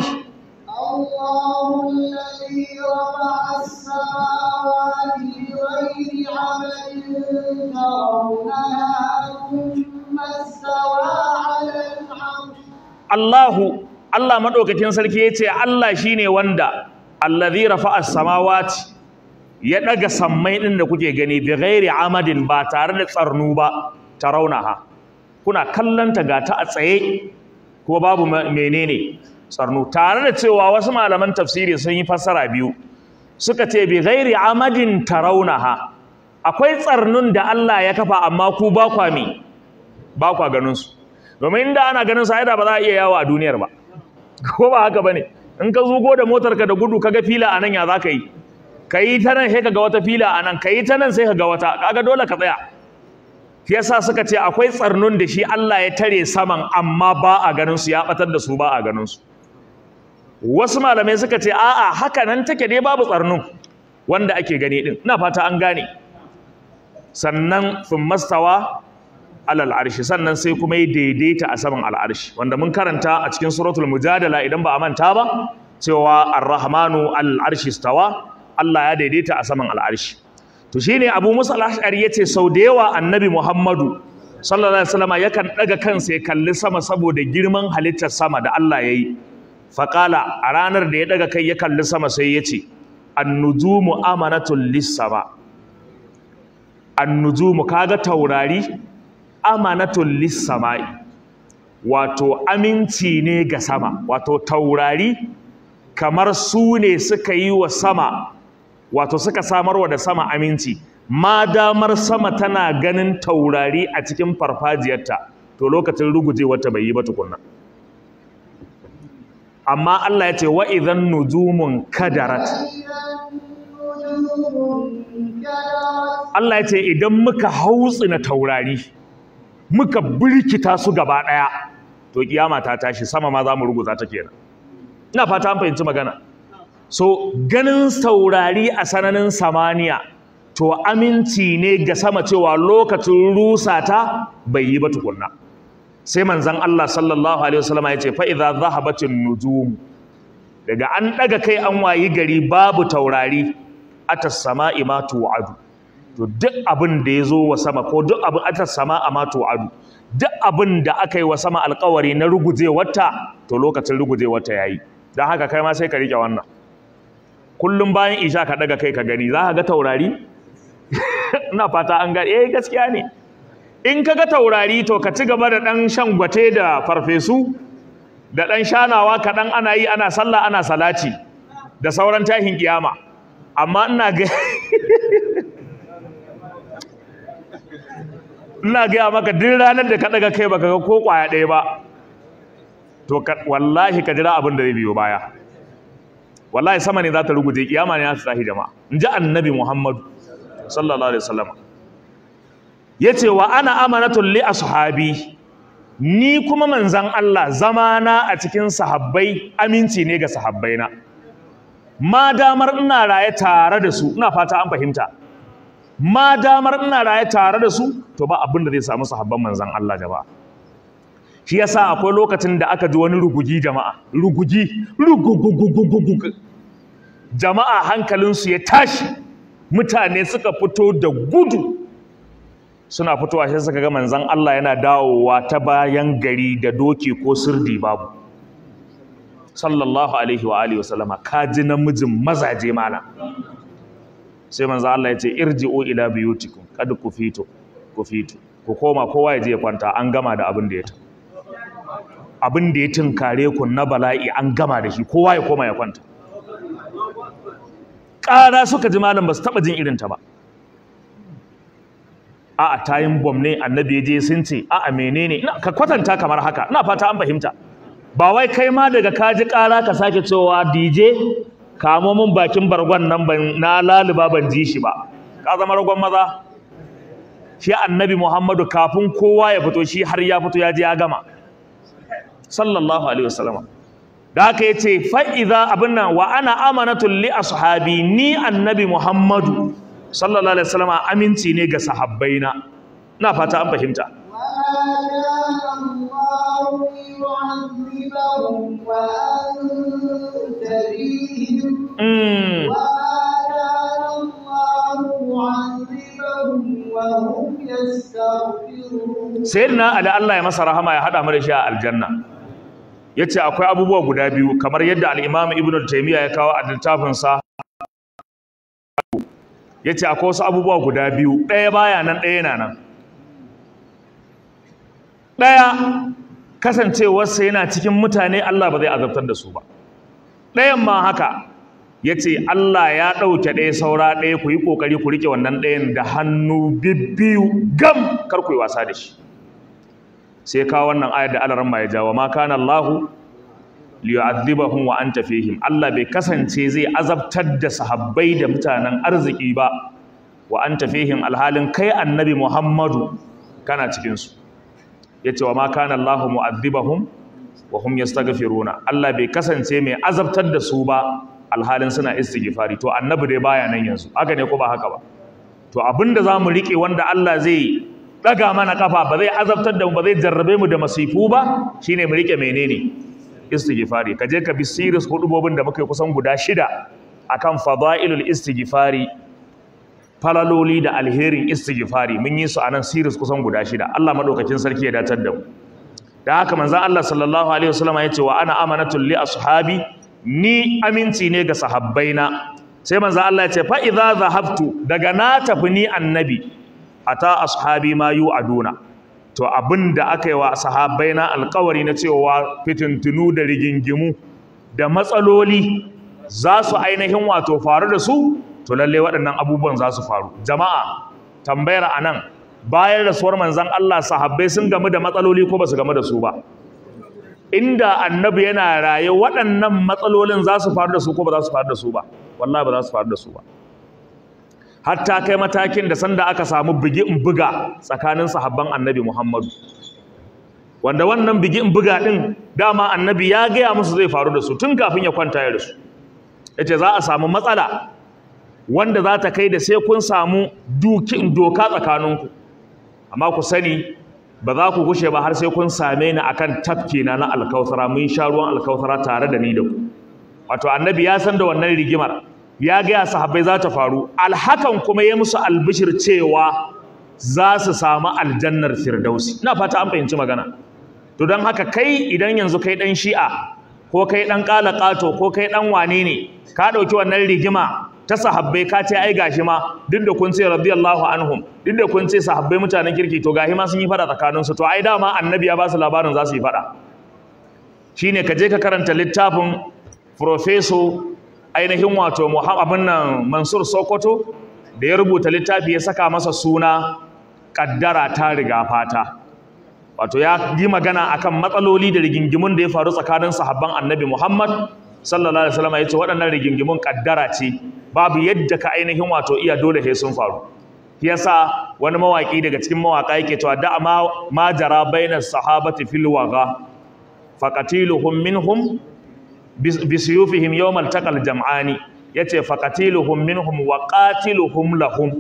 Allahu Allah madaukakin sarki yace Allah shine wanda allazi rafa'a samawati ya daga sammai din da kuke gani bi ghairi amadin ba tare da tsarnu ba taraunaha kuna kallanta ga ta a tsaye ko babu menene tsarnu tare da cewa wasu malaman tafsiri sun yi fassara biyu suka ce bi ghairi amadin taraunaha akwai tsarnun da Allah ya kafa amma ku ba kwa mi ba kwa ganin su domin inda ana ganin sa da ba za a iya yawo a duniyar ba ko ba haka bane in ka zogo da motarka da gudu kaga fila anan ya za ka yi ka yi ta nan sai ka ga wata fila anan ka yi ta nan sai ka ga wata kaga dole ka tsaya shi yasa suka ce akwai tsarnun da shi Allah ya tare saman amma ba a ganin su ya batar da su ba a ganin su wasu malamai suka ce a'a haka nan take dai babu tsarnun wanda ake gani din ina fata an gane sannan sun mastawa alal arshi sannan sai kuma ya daidaita a saman al'arshi wanda mun karanta a cikin suratul mujadala idan ba a manta ba cewa ar-rahmanu al-arshi stawa Allah ya daidaita a saman al'arshi to shine Abu Musa al-Ash'ari yace sau da yawa Annabi Muhammadu sallallahu alaihi wasallam yakan daga kansa ya kalli sama saboda girman halittar sama da Allah yayi faqala a ranar da ya daga kai ya kalli sama sai yace an-nujumu amanatul lis-sama an-nujumu kaga taurari amanatun lissama'i wato aminci ne ga sama wato taurari kamar su ne suka yi wa sama wato suka samar wa da sama aminci ma damar sama tana ganin taurari a cikin farfajiyarta to lokacin ruguje wata bai yi ba tukunna amma Allah ya ce wa idan nujumun kadarat Allah ya ce idan muka hautsina taurari muka birkita su gaba ɗaya to kiyama ta tashi sama ma za mu ruguza ta kenan ina fata an fahimci magana so ganin saurari a sananin samaniya to aminci ne ga sama cewa lokacin rusa ta bai yi ba tukunna sai manzon Allah sallallahu alaihi wasallam ya ce fa idza dhahabatin nujum daga an ɗaga kai an wayi gari babu taurari atas sama'i ma tu'adu to duk abin da ya zo wa sama ko duk abin atar sama a mato adu duk abin da aka yi wa sama alkawari na rugujewarta to lokacin rugujewarta ya yi don haka kai ma sai ka riƙe wannan kullum bayan isha ka ɗaga kai ka gani za ka ga taurari ina fata an gani eh gaskiya ne in ka ga taurari to ka ci gaba da ɗan shan gwate da farfesu da ɗan shanawa kaɗan ana yi ana sallah ana salati da sauran tahin kiyama amma ina ga ina gaya maka duk ranar da ka daga kai baka ga ko kwaya ɗaya ba to wallahi ka jira abin da zai biyo baya wallahi sama ne za ta ruguje kiyama ne za ta tashi jama'a in ji annabi muhammadu sallallahu alaihi wasallam yace wa ana amanatul li ashabi ni kuma manzan Allah zamana a cikin sahabbai aminci ne ga sahabbai na. ma damar ina raye tare da su ina fata an fahimta ma damar ina raye tare da su to ba abin da zai samu sahabban manzon Allah jama'a shi yasa akwai lokacin da aka ji wani rugugi jama'a rugugi rugugugugugugu jama'a hankalinsu ya tashi mutane suka fito da gudu suna fitowa sai suka ga manzon Allah yana dawowa ta bayan gari da doki ko sirdi babu sallallahu alaihi wa alihi wasallama kaji namijin mazaje mana sai manzo Allah ya ce irji'u ila biyutikum kad ku fito ku koma kowa ya je ya kwanta an gama da abin da ya ta abin da ya tinkare ku na bala'i an gama da shi kowa ya koma ya kwanta ƙara suka ji malam ba su taɓa jin irin ta ba a a tayin bom ne annabi je sun ce a a menene ka kwatanta kamar haka ina fata an fahimta ba wai kai ma daga kaji ƙara ka sake cewa dj kamo mun bakin bargon nan ban na laliba ban ji shi ba ka zama ragon maza shi annabi Muhammadu kafin kowa ya fito shi har ya fito ya ji ya gama sallallahu alaihi wasallam da aka yace fa idza nan wa ana amanatul li ashabi ni annabi Muhammadu sallallahu alaihi wasallam aminci ne ga sahabbai na. ina fata an fahimta وأنت وما mm. ali allah ya ya يستغفرون ya haɗa mana shi a aljanna Ya ce akwai abubuwa guda biyu kamar yadda al Ibn al-Taymiyyah ya kawo a littafin Ya ce akwai wasu abubuwa guda biyu ɗaya baya nan ɗaya yana nan ɗaya kasancewarsa yana cikin mutane Allah ba zai azabtar da su ba ɗayan ma haka ya ce Allah ya ɗauke ɗaya saura ɗaya ku yi ƙoƙari ku riƙe wannan ɗayan da hannu bibbiyu gam kar ku yi wasa da shi sai kawo wannan ayar da alaran ma ya jawo ma kana Allah liyu'adhibahum wa anta fihim Allah bai kasance zai azabtar da sahabbai da mutanen arziki ba wa anta fihim alhalin kai annabi Muhammadu kana cikin su yace wa ma kana Allah mu'adhibahum wa hum yastaghfiruna Allah bai kasance mai azabtar da su ba alhalin suna istighfari to annabi dai baya nan yanzu haka ne ko ba haka ba to abinda zamu rike wanda Allah zai daga mana kafa ba zai azabtar da mu ba zai jarrabe mu da masifu ba shine mu rike menene istighfari ka je ka bi series hudubobin da muka yi kusan guda shida akan fadailul istighfari falaloli da alherin istighfari mun yi su a nan series kusan guda shida Allah madaukakin sarki ya datar da mu da haka manzon Allah sallallahu alaihi wasallam ya ce wa ana amanatul li ashabi ni aminci ne ga sahabbaina sai manzo Allah ya ce fa idza zahabtu daga na tafi ni annabi ata ashabi ma yu aduna to abinda aka yi wa sahabbaina alƙawari na cewa fitintunu da rigingimu da matsaloli za su ainihin wato faru da su to lalle waɗannan abubuwan za su faru jama'a tambayar anan bayan rasuwar manzan Allah sahabbai sun gamu da matsaloli ko ba su gamu da su ba inda annabi yana raye waɗannan matsalolin za su faru da su ko ba za su faru da su ba wallahi ba za su faru da su ba hatta kai matakin da sanda aka samu bigi in buga tsakanin sahabban annabi Muhammadu wanda wannan bigi in buga din dama annabi ya gaya musu zai faru da su tun kafin ya kwanta ya rasu yace za a samu matsala wanda za ta kai da sai kun samu dukin doka tsakaninku amma ku sani ba za ku gushe ba har sai kun same ni akan tafki na na alkausara mun sha ruwan alkausara tare da ni da ku wato annabi ya san da wannan rigimar ya gaya sahabbai za ta faru alhakan kuma ya musu albishir cewa za su samu aljannar firdausi ina fata an fahimci magana to don haka kai idan yanzu kai dan shi'a ko kai dan kalakato ko kai dan wane ne ka dauki wannan rigima ta sahabbai ka ce ai gashi ma duk da kun ce radiyallahu anhum duk da kun ce sahabbai mutanen kirki to gashi ma sun yi fada tsakanin su to ai dama annabi ya ba su labarin za su yi fada shine ka je ka karanta littafin profeso ainihin wato abin nan mansur sokoto da ya rubuta littafi ya saka masa suna kaddara ta riga fata wato ya yi magana akan matsaloli da rigingimun da ya faru tsakanin sahabban annabi muhammad sallallahu alaihi wasallam ya ce waɗannan rigingimun kaddara ce babu yadda ka ainihin wato iya dole sai sun faru yasa wani mawaki daga cikin mawaka yake cewa da ma ma jara bainas sahabati fil waga faqatiluhum minhum bisuyufihim yawm altaqal jam'ani yace faqatiluhum minhum wa qatiluhum lahum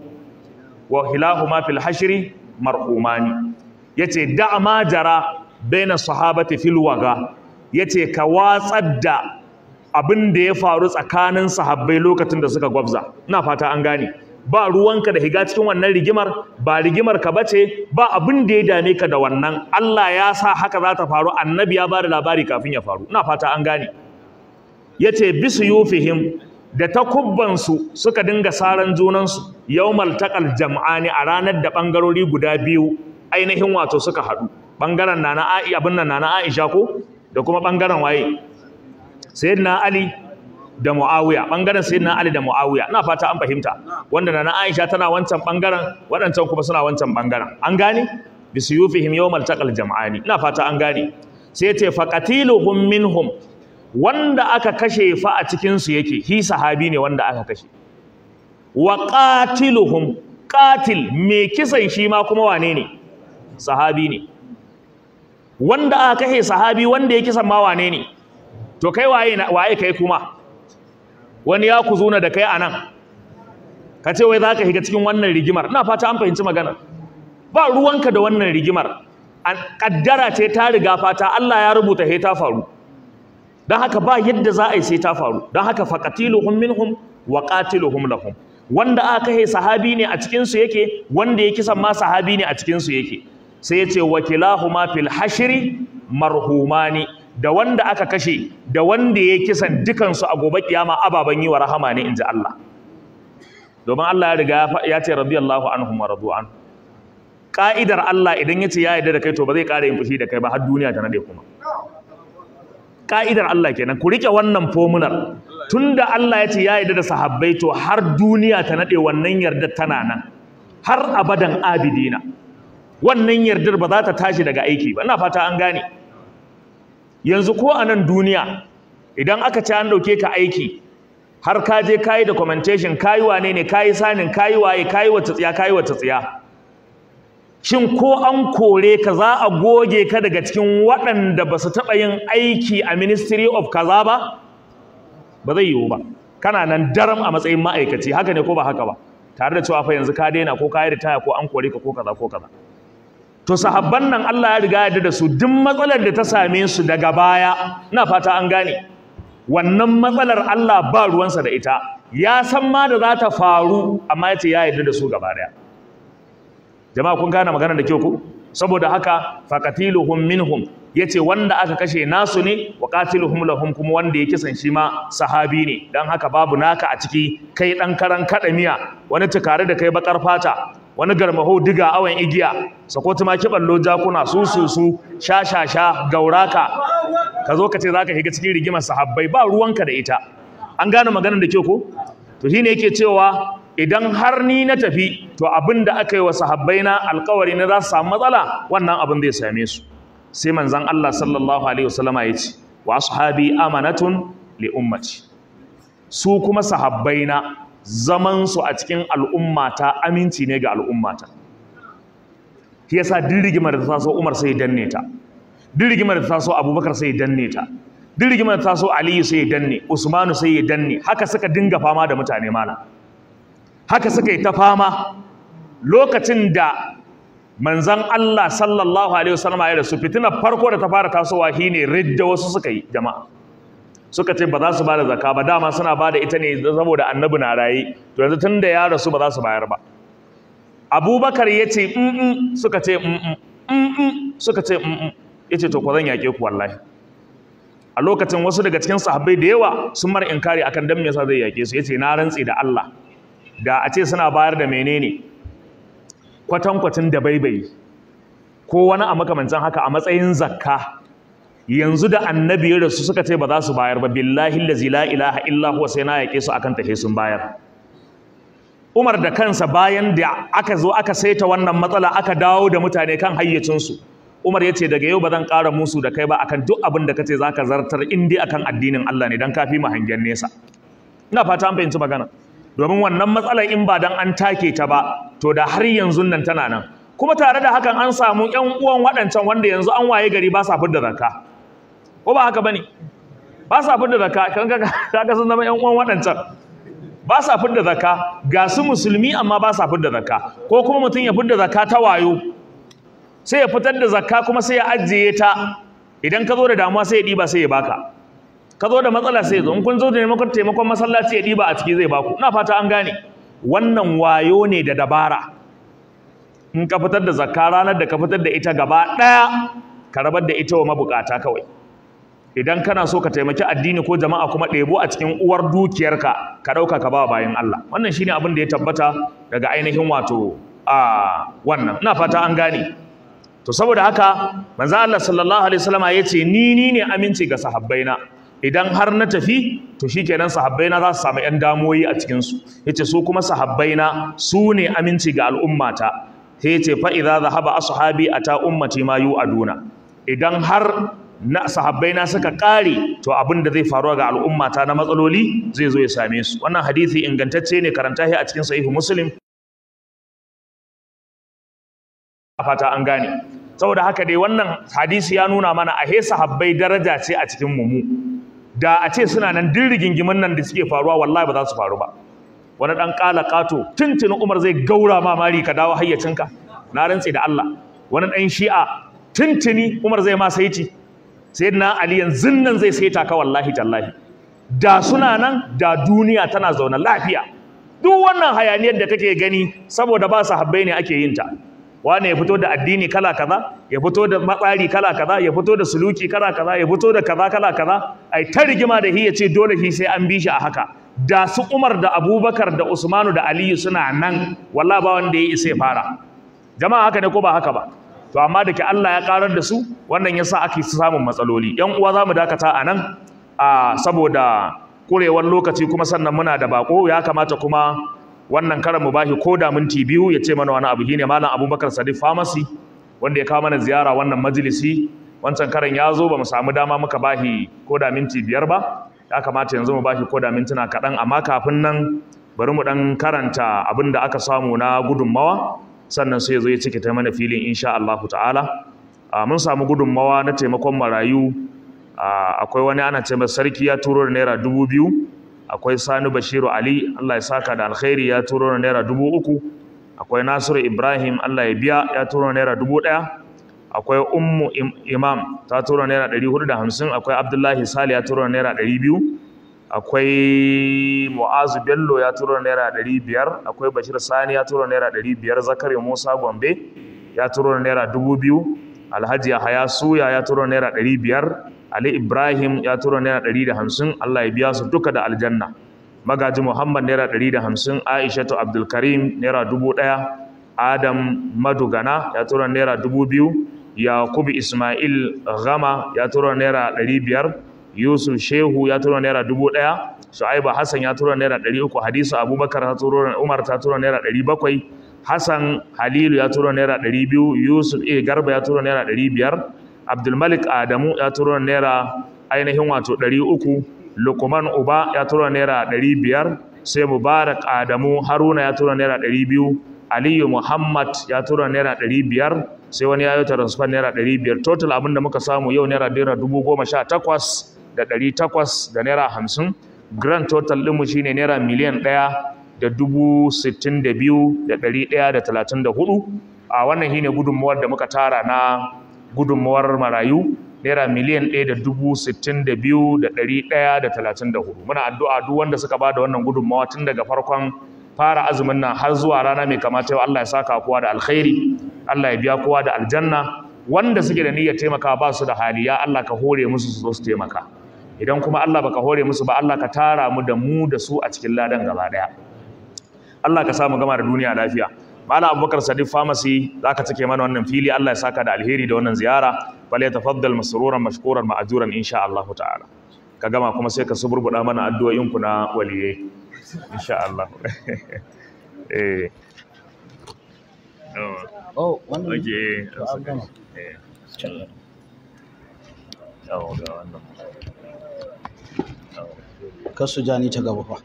wa hilahuma fil hashri marhumani yace da ma jara bainas sahabati fil waga yace ka watsar da abin da ya faru tsakanin sahabbai lokacin da suka gwabza ina fata an gane ba ruwanka da higa cikin wannan rigimar ba rigimar ka bace ba abin da ya dame ka da wannan Allah ya sa haka za ta faru annabi ya bada labari kafin ya faru ina fata an gane yace yufihim da takubbansu suka dinga saran junan junansu yawmal taqal jam'ani a ranar da bangarori guda biyu ainihin wato suka hadu, bangaren nana abin nan nana Aisha ko da kuma bangaren waye sayyidina ali da muawiya bangaren sayyidina ali da muawiya ina fata an fahimta wanda na aisha tana wancan bangaren waɗancan kuma suna wancan bangaren an gane bisuyufihim yawmal taqal jam'ani ina fata an gane sai ce faqatiluhum minhum wanda aka kashe fa a cikin su yake hi sahabi ne wanda aka kashe wa qatiluhum qatil me kisan shi ma kuma wane ne sahabi ne wanda aka kashe sahabi wanda ya kisan ma wane ne to kai waye waye kai kuma wani ya kuzuna da kai anan ka ce wai zaka higa cikin wannan rigimar ina fata an fahimci maganar ba ruwanka da wannan rigimar kaddara ce ta riga fata Allah ya rubuta he ta faru don haka ba yadda za a yi sai ta faru don haka faqatiluhum minhum wa qatiluhum lahum wanda aka kai sahabi ne a cikin su yake wanda ya kisan ma sahabi ne a cikin su yake sai ya ce wakilahuma fil hashri marhumani da wanda aka kashe da wanda ya kisan dukansu a gobe kiyama ababen yi wa rahama ne inji Allah domin Allah ya riga ya ce radiyallahu anhum wa radu'an ka'idar Allah idan ya ce ya yarda da kai to ba zai ƙara yin fushi da kai ba har duniya ta nade kuma ka'idar Allah kenan ku rike wannan fomular tunda Allah ya ce ya yarda da sahabbai to har duniya ta nade wannan yarda tana nan har abadan abidina wannan yardar ba za ta tashi daga aiki ba ina fata an gane yanzu ko a nan duniya idan aka ci an ɗauke ka aiki har ka je ka yi documentation ka yi wane ne ka yi sanin ka yi waye ka yi wata tsiya ka yi wata tsiya shin ko an kore ka za a goge ka daga cikin waɗanda ba su taɓa yin aiki a ministry of kaza ba ba zai yiwu ba kana nan daram a matsayin ma'aikaci haka ne ko ba haka ba tare da cewa fa yanzu ka daina ko ka yi ritaya ko an kore ka ko kaza ko kaza to sahabban nan Allah ya riga ya da su duk matsalar da ta same su daga baya ina fata an gane wannan matsalar Allah ba ruwansa da ita ya san ma da za ta faru amma ya ce ya yarda da su gaba daya jama'a kun gane magana da ke ku saboda haka faqatiluhum minhum yace wanda aka kashe nasu ne wa qatiluhum lahum kuma wanda ya kisan shi ma sahabi ne dan haka babu naka a ciki kai dan karan kadamiya wani tukare da kai bakar fata wani garmaho diga awon igiya sako ma ballo jakuna su su su sha sha sha gauraka ka zo ka ce zaka shiga cikin rigimar sahabbai ba ruwanka da ita an gane maganar da ke ko to shine yake cewa idan har ni na tafi to abin da aka yi wa sahabbai na alkawari na za su samu matsala wannan abin zai same su sai manzon Allah sallallahu alaihi wasallama ya ce wa ashabi amanatun li ummati su kuma sahabbai na Zaman su a cikin al'ummata aminci ne ga al'ummata shi yasa duk da ta so Umar sai danne ta duk da ta so Abubakar sai danne ta duk da ta so Aliyu sai danne Usmanu sai danne haka suka dinga fama da mutane mala haka suka yi ta fama lokacin da manzan Allah sallallahu alaihi wasallam ya rasu fitinar farko da ta fara tasowa shine ridda wasu suka yi jama'a suka ce ba za su bada zakka ba dama suna bada ita ne saboda annabi na raye to yanzu tun da ya rasu ba za su bayar ba abubakar ya ce mm, mm suka ce mm, mm, mm suka ce mm ya ce to ko zan yaƙe ku wallahi a lokacin wasu daga cikin sahabbai da yawa sun mar inkari akan dan me yasa zai yaƙe su ya ce na rantsi da Allah da a ce suna bayar da menene kwatankwacin da baibayi ko wani a makamancin haka a matsayin zakka yanzu da annabi ya rasu suka ce ba za su bayar ba billahi allazi la ilaha illa huwa sai na yake su akan tafi sun bayar Umar da kansa bayan da aka zo aka saita wannan matsala aka dawo da mutane kan hayyacin su Umar yace daga yau ba zan ƙara musu da kai ba akan duk abin da kace zaka zartar in dai akan addinin Allah ne dan kafi mu hangen nesa ina fata an fahimci magana domin wannan matsalar in ba dan an take ta ba to da har yanzu nan tana nan kuma tare da hakan an samu ƴan uwan waɗancan wanda yanzu an waye gari ba sa fidda zakka ko ba haka bane ba sa fidda zakka kan ka ka sun zama yan uwan waɗancan ba sa fidda zakka ga su musulmi amma ba sa fidda zakka ko kuma mutum ya fidda zakka ta wayo sai ya fitar da zakka kuma sai ya ajiye ta idan ka zo da damuwa sai ya ɗiba sai ya baka ka zo da matsala sai ya zo in kun zo da neman taimakon masallaci ya ɗiba a ciki zai baku ina fata an gane wannan wayo ne da dabara in ka fitar da zakka ranar da ka fitar da ita gaba ɗaya ka rabar da ita wa mabukata kawai idan kana so ka taimaki addini ko jama'a kuma ɗebo a cikin uwar dukiyarka ka ɗauka ka ba bayan Allah wannan shine abin da ya tabbata daga ainihin wato a wannan ina fata an gane to saboda haka manzo Allah sallallahu alaihi wasallam ya ce ni ni ne aminci ga sahabbaina idan har na tafi to shi shikenan sahabbaina za su samu yan damoyi a cikin su yace su kuma sahabbaina su ne aminci ga al'ummata sai yace fa idza zahaba ashabi ata ummati ma Aduna. idan har na sahabbai na suka kare to abin da zai faru ga al'umma ta na matsaloli zai zo ya same su wannan hadisi ingantacce ne karanta shi a cikin sahihu muslim fata an gane saboda haka dai wannan hadisi ya nuna mana a he sahabbai daraja ce a cikin mu da a ce suna nan duk rigingimin nan da suke faruwa wallahi ba za su faru ba wani dan kala kato tuntuni Umar zai gaura mamari ka dawo hayyacinka na rantse da Allah wani dan shi'a tuntuni Umar zai ma ci sayyidina ali yanzun nan zai saita taka wallahi tallahi da suna nan da duniya tana zaune lafiya duk wannan hayaniyar da kake gani saboda ba su habbai ne ake yin ta wane ya fito da addini kala kaza ya fito da matsari kala kaza ya fito da suluki kala kaza ya fito da kaza kala kaza ai ta rigima da hiya ce dole shi sai an bi shi a haka da su Umar da Abubakar da Usmanu da Aliyu suna nan wallahi ba wanda ya isa ya fara jama'a haka ne ko ba haka ba to amma da ke Allah ya karar da su wannan ya yasa ake samun matsaloli yan uwa za mu dakata a nan a saboda kurewar lokaci kuma sannan muna da bako ya kamata kuma wannan karan mu bashi ko da minti biyu ya ce mana wani abu shine malam Abubakar Sadi Pharmacy wanda ya kawo mana ziyara wannan majalisi wancan karan ya zo ba mu samu dama muka bashi ko da minti biyar ba ya kamata yanzu mu bashi ko da mintuna kaɗan amma kafin nan bari mu ɗan karanta abin da aka samu na gudunmawa sannan sai zo ya cike ta mana filin insha Allah ta'ala mun samu gudunmawa na taimakon marayu akwai wani ana ce sarki ya turo naira dubu biyu akwai sani bashiru ali allah ya saka da alkhairi ya turo naira dubu uku akwai nasiru ibrahim allah ya biya ya turo naira dubu ɗaya akwai ummu imam ta turo naira ɗari hudu da hamsin akwai abdullahi sali ya turo naira ɗari biyu akwai mu'azu bello ya tura naira ɗari biyar akwai bashir sani ya tura naira ɗari biyar zakari musa gombe ya tura naira dubu biyu alhaji yahaya suya ya tura naira ɗari biyar ali ibrahim ya tura naira ɗari da hamsin allah ya biya su duka da aljanna magaji muhammad naira ɗari da hamsin aishatu abdulkarim naira dubu ɗaya adam madugana ya tura naira dubu biyu yakubu ismail gama ya tura naira ɗari biyar yusuf shehu ya tura naira dubu ɗaya shu'aiba hassan ya tura naira ɗari uku hadisu abubakar ta tura umar ta tura naira ɗari bakwai hassan halilu ya tura naira ɗari biyu yusuf e garba ya tura naira ɗari biyar abdulmalik adamu ya tura naira ainihin wato ɗari uku lukman uba ya tura naira ɗari biyar sai mubarak adamu haruna ya tura naira ɗari biyu aliyu muhammad ya tura naira ɗari biyar sai wani ya yi transfer naira ɗari biyar total abin da muka samu yau naira dera dubu goma sha takwas da ɗari takwas da naira hamsin grand total ɗinmu shine naira miliyan ɗaya da dubu sittin da biyu da ɗari ɗaya da talatin da hudu a wannan shine gudunmuwar da muka tara na gudunmuwar marayu naira miliyan ɗaya da dubu sittin da biyu da ɗari ɗaya da talatin da hudu muna addu'a duk wanda suka ba da wannan gudunmuwa tun daga farkon fara azumin nan har zuwa rana mai kamata Allah ya saka kowa da alkhairi Allah ya biya kowa da aljanna wanda suke da niyyar taimaka ba su da hali ya Allah ka hore musu su zo su taimaka idan kuma Allah baka hore musu ba Allah ka tara mu da mu da su a cikin ladan gaba daya Allah ka samu gama da duniya lafiya Malam Abubakar Sadiq Pharmacy zaka cike mana wannan fili Allah ya saka da alheri da wannan ziyara bal ya tafaddal masruran mashkuran ma'ajuran insha Allah ta'ala ka gama kuma sai ka suburbuda mana addu'o'in ku na waliyai insha Allah eh oh wannan okay eh kar su ja ni ta gaba fa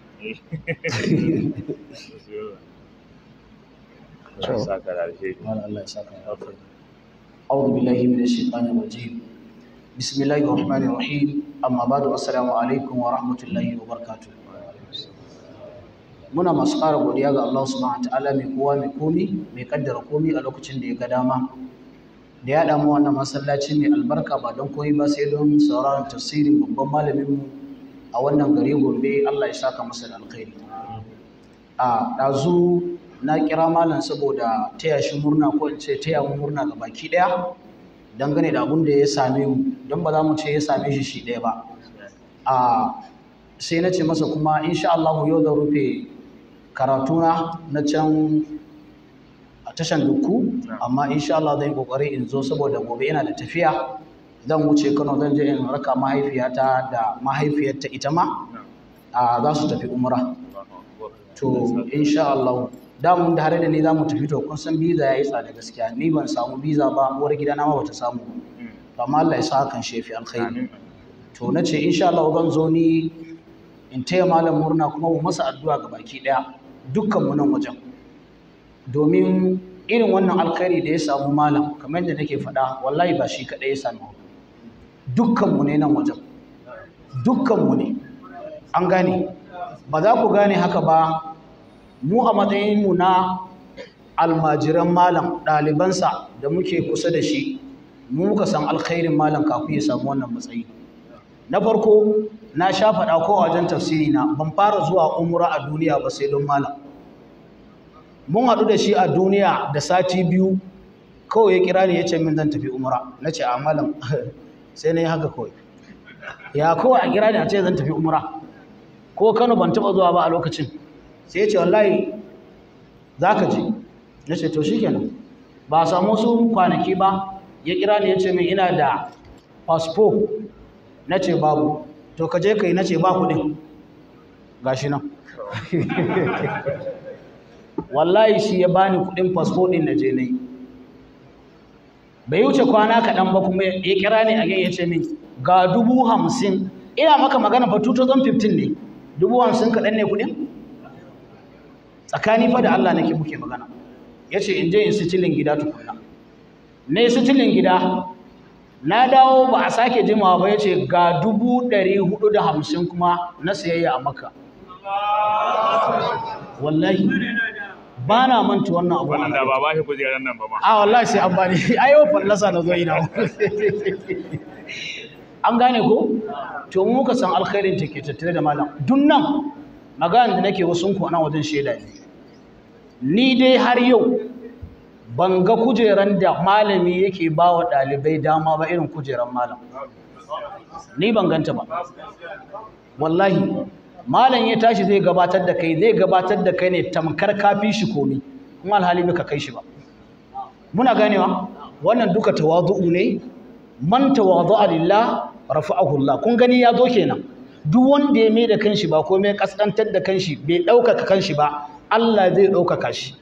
أعوذ بالله من الشيطان الرجيم بسم الله الرحمن masu ƙara godiya ga Allah subhanahu ta'ala mai kowa mai komi mai kaddara komi a lokacin da ya ga dama da ya damu wannan masallaci mai albarka ba don koyi ba sai don sauraron tafsirin babban malamin mu a wannan gari gobe, Allah ya saka masa da alkhairi a ɗazu na kira malam saboda taya shi murna ko in ce taya mu murna ga baki ɗaya dangane da abun da ya same mu don ba za mu ce ya same shi shi ɗaya ba a sai na ce masa kuma insha Allah yau da rufe karatuna na can a tashan dukku amma insha Allah zan kokari in zo saboda gobe yana da tafiya zan wuce Kano zan je in raka mahaifiyata da mahaifiyarta ita ma a za su tafi umra to insha Allah da mun da hare da ni za mu tafi to kun san biza yi tsada gaskiya ni ban samu biza ba uwar gidana ma bata samu ba amma Allah ya sa kan shefi alkhairi to nace insha Allah zan zo ni in taya malam murna kuma mu masa addu'a ga baki daya dukkan mu nan wajen domin irin wannan alkhairi da ya samu malam kamar yadda nake faɗa wallahi ba shi kaɗai ya samu dukkanmu ne nan wajen dukkanmu ne an gane ba za ku gane haka ba mu a matsayinmu na almajiran malam ɗalibansa da muke kusa da shi mu muka san alkhairin malam kafin ya samu wannan matsayi na farko na sha faɗa ko a wajen tafsiri na ban fara zuwa umura a duniya ba sai don malam mun haɗu da shi a duniya da sati biyu kawai ya kira ni ya ce min zan tafi umura, na ce a malam sai na yi haka kawai ya kowa a kira ne a ce zan tafi umura? ko kano ban taɓa zuwa ba a lokacin sai ya ce wallahi za ka je na ce to shikenan ba a samu su kwanaki ba ya kira ni ya ce min ina da fasfo na ce babu to ka je ka yi na ce ba Ga gashi nan wallahi shi ya bani kuɗin fasfo ɗin na je na yi bai wuce kwana kaɗan ba kuma ya kira ni a gai ya ce min ga dubu hamsin ina maka magana fa 2015 ne dubu hamsin kaɗan ne kuɗin tsakani fa da Allah nake muke magana ya ce in je in sitilin gida tukuna. na yi sitilin gida na dawo ba a sake jimawa ba ya ce ga dubu ɗari hudu da hamsin kuma na sayayya a maka wallahi ba na manta wannan abu wannan da ba ba shi kujeran nan ba ma a ah, wallahi sai an bani ai yau fallasa na zo ina an gane ko to mu muka san alkhairin take tattare da malam dun nan magana da nake wasu ku nan wajen shaida ne ni dai har yau ban ga kujeran da malami yake ba wa ɗalibai dama ba irin kujeran malam ni ban ganta ba wallahi malam ya tashi zai gabatar da kai zai gabatar da kai ne tamkar kafi shi komi in alhali baka kai shi ba muna ganewa wannan duka tawadu ne man tawadu'a lillah rafa'ahu Allah kun gani ya zo kenan duk wanda ya mai da kanshi ba komai kaskantar da kanshi bai ɗaukaka kanshi ba Allah zai ɗaukaka shi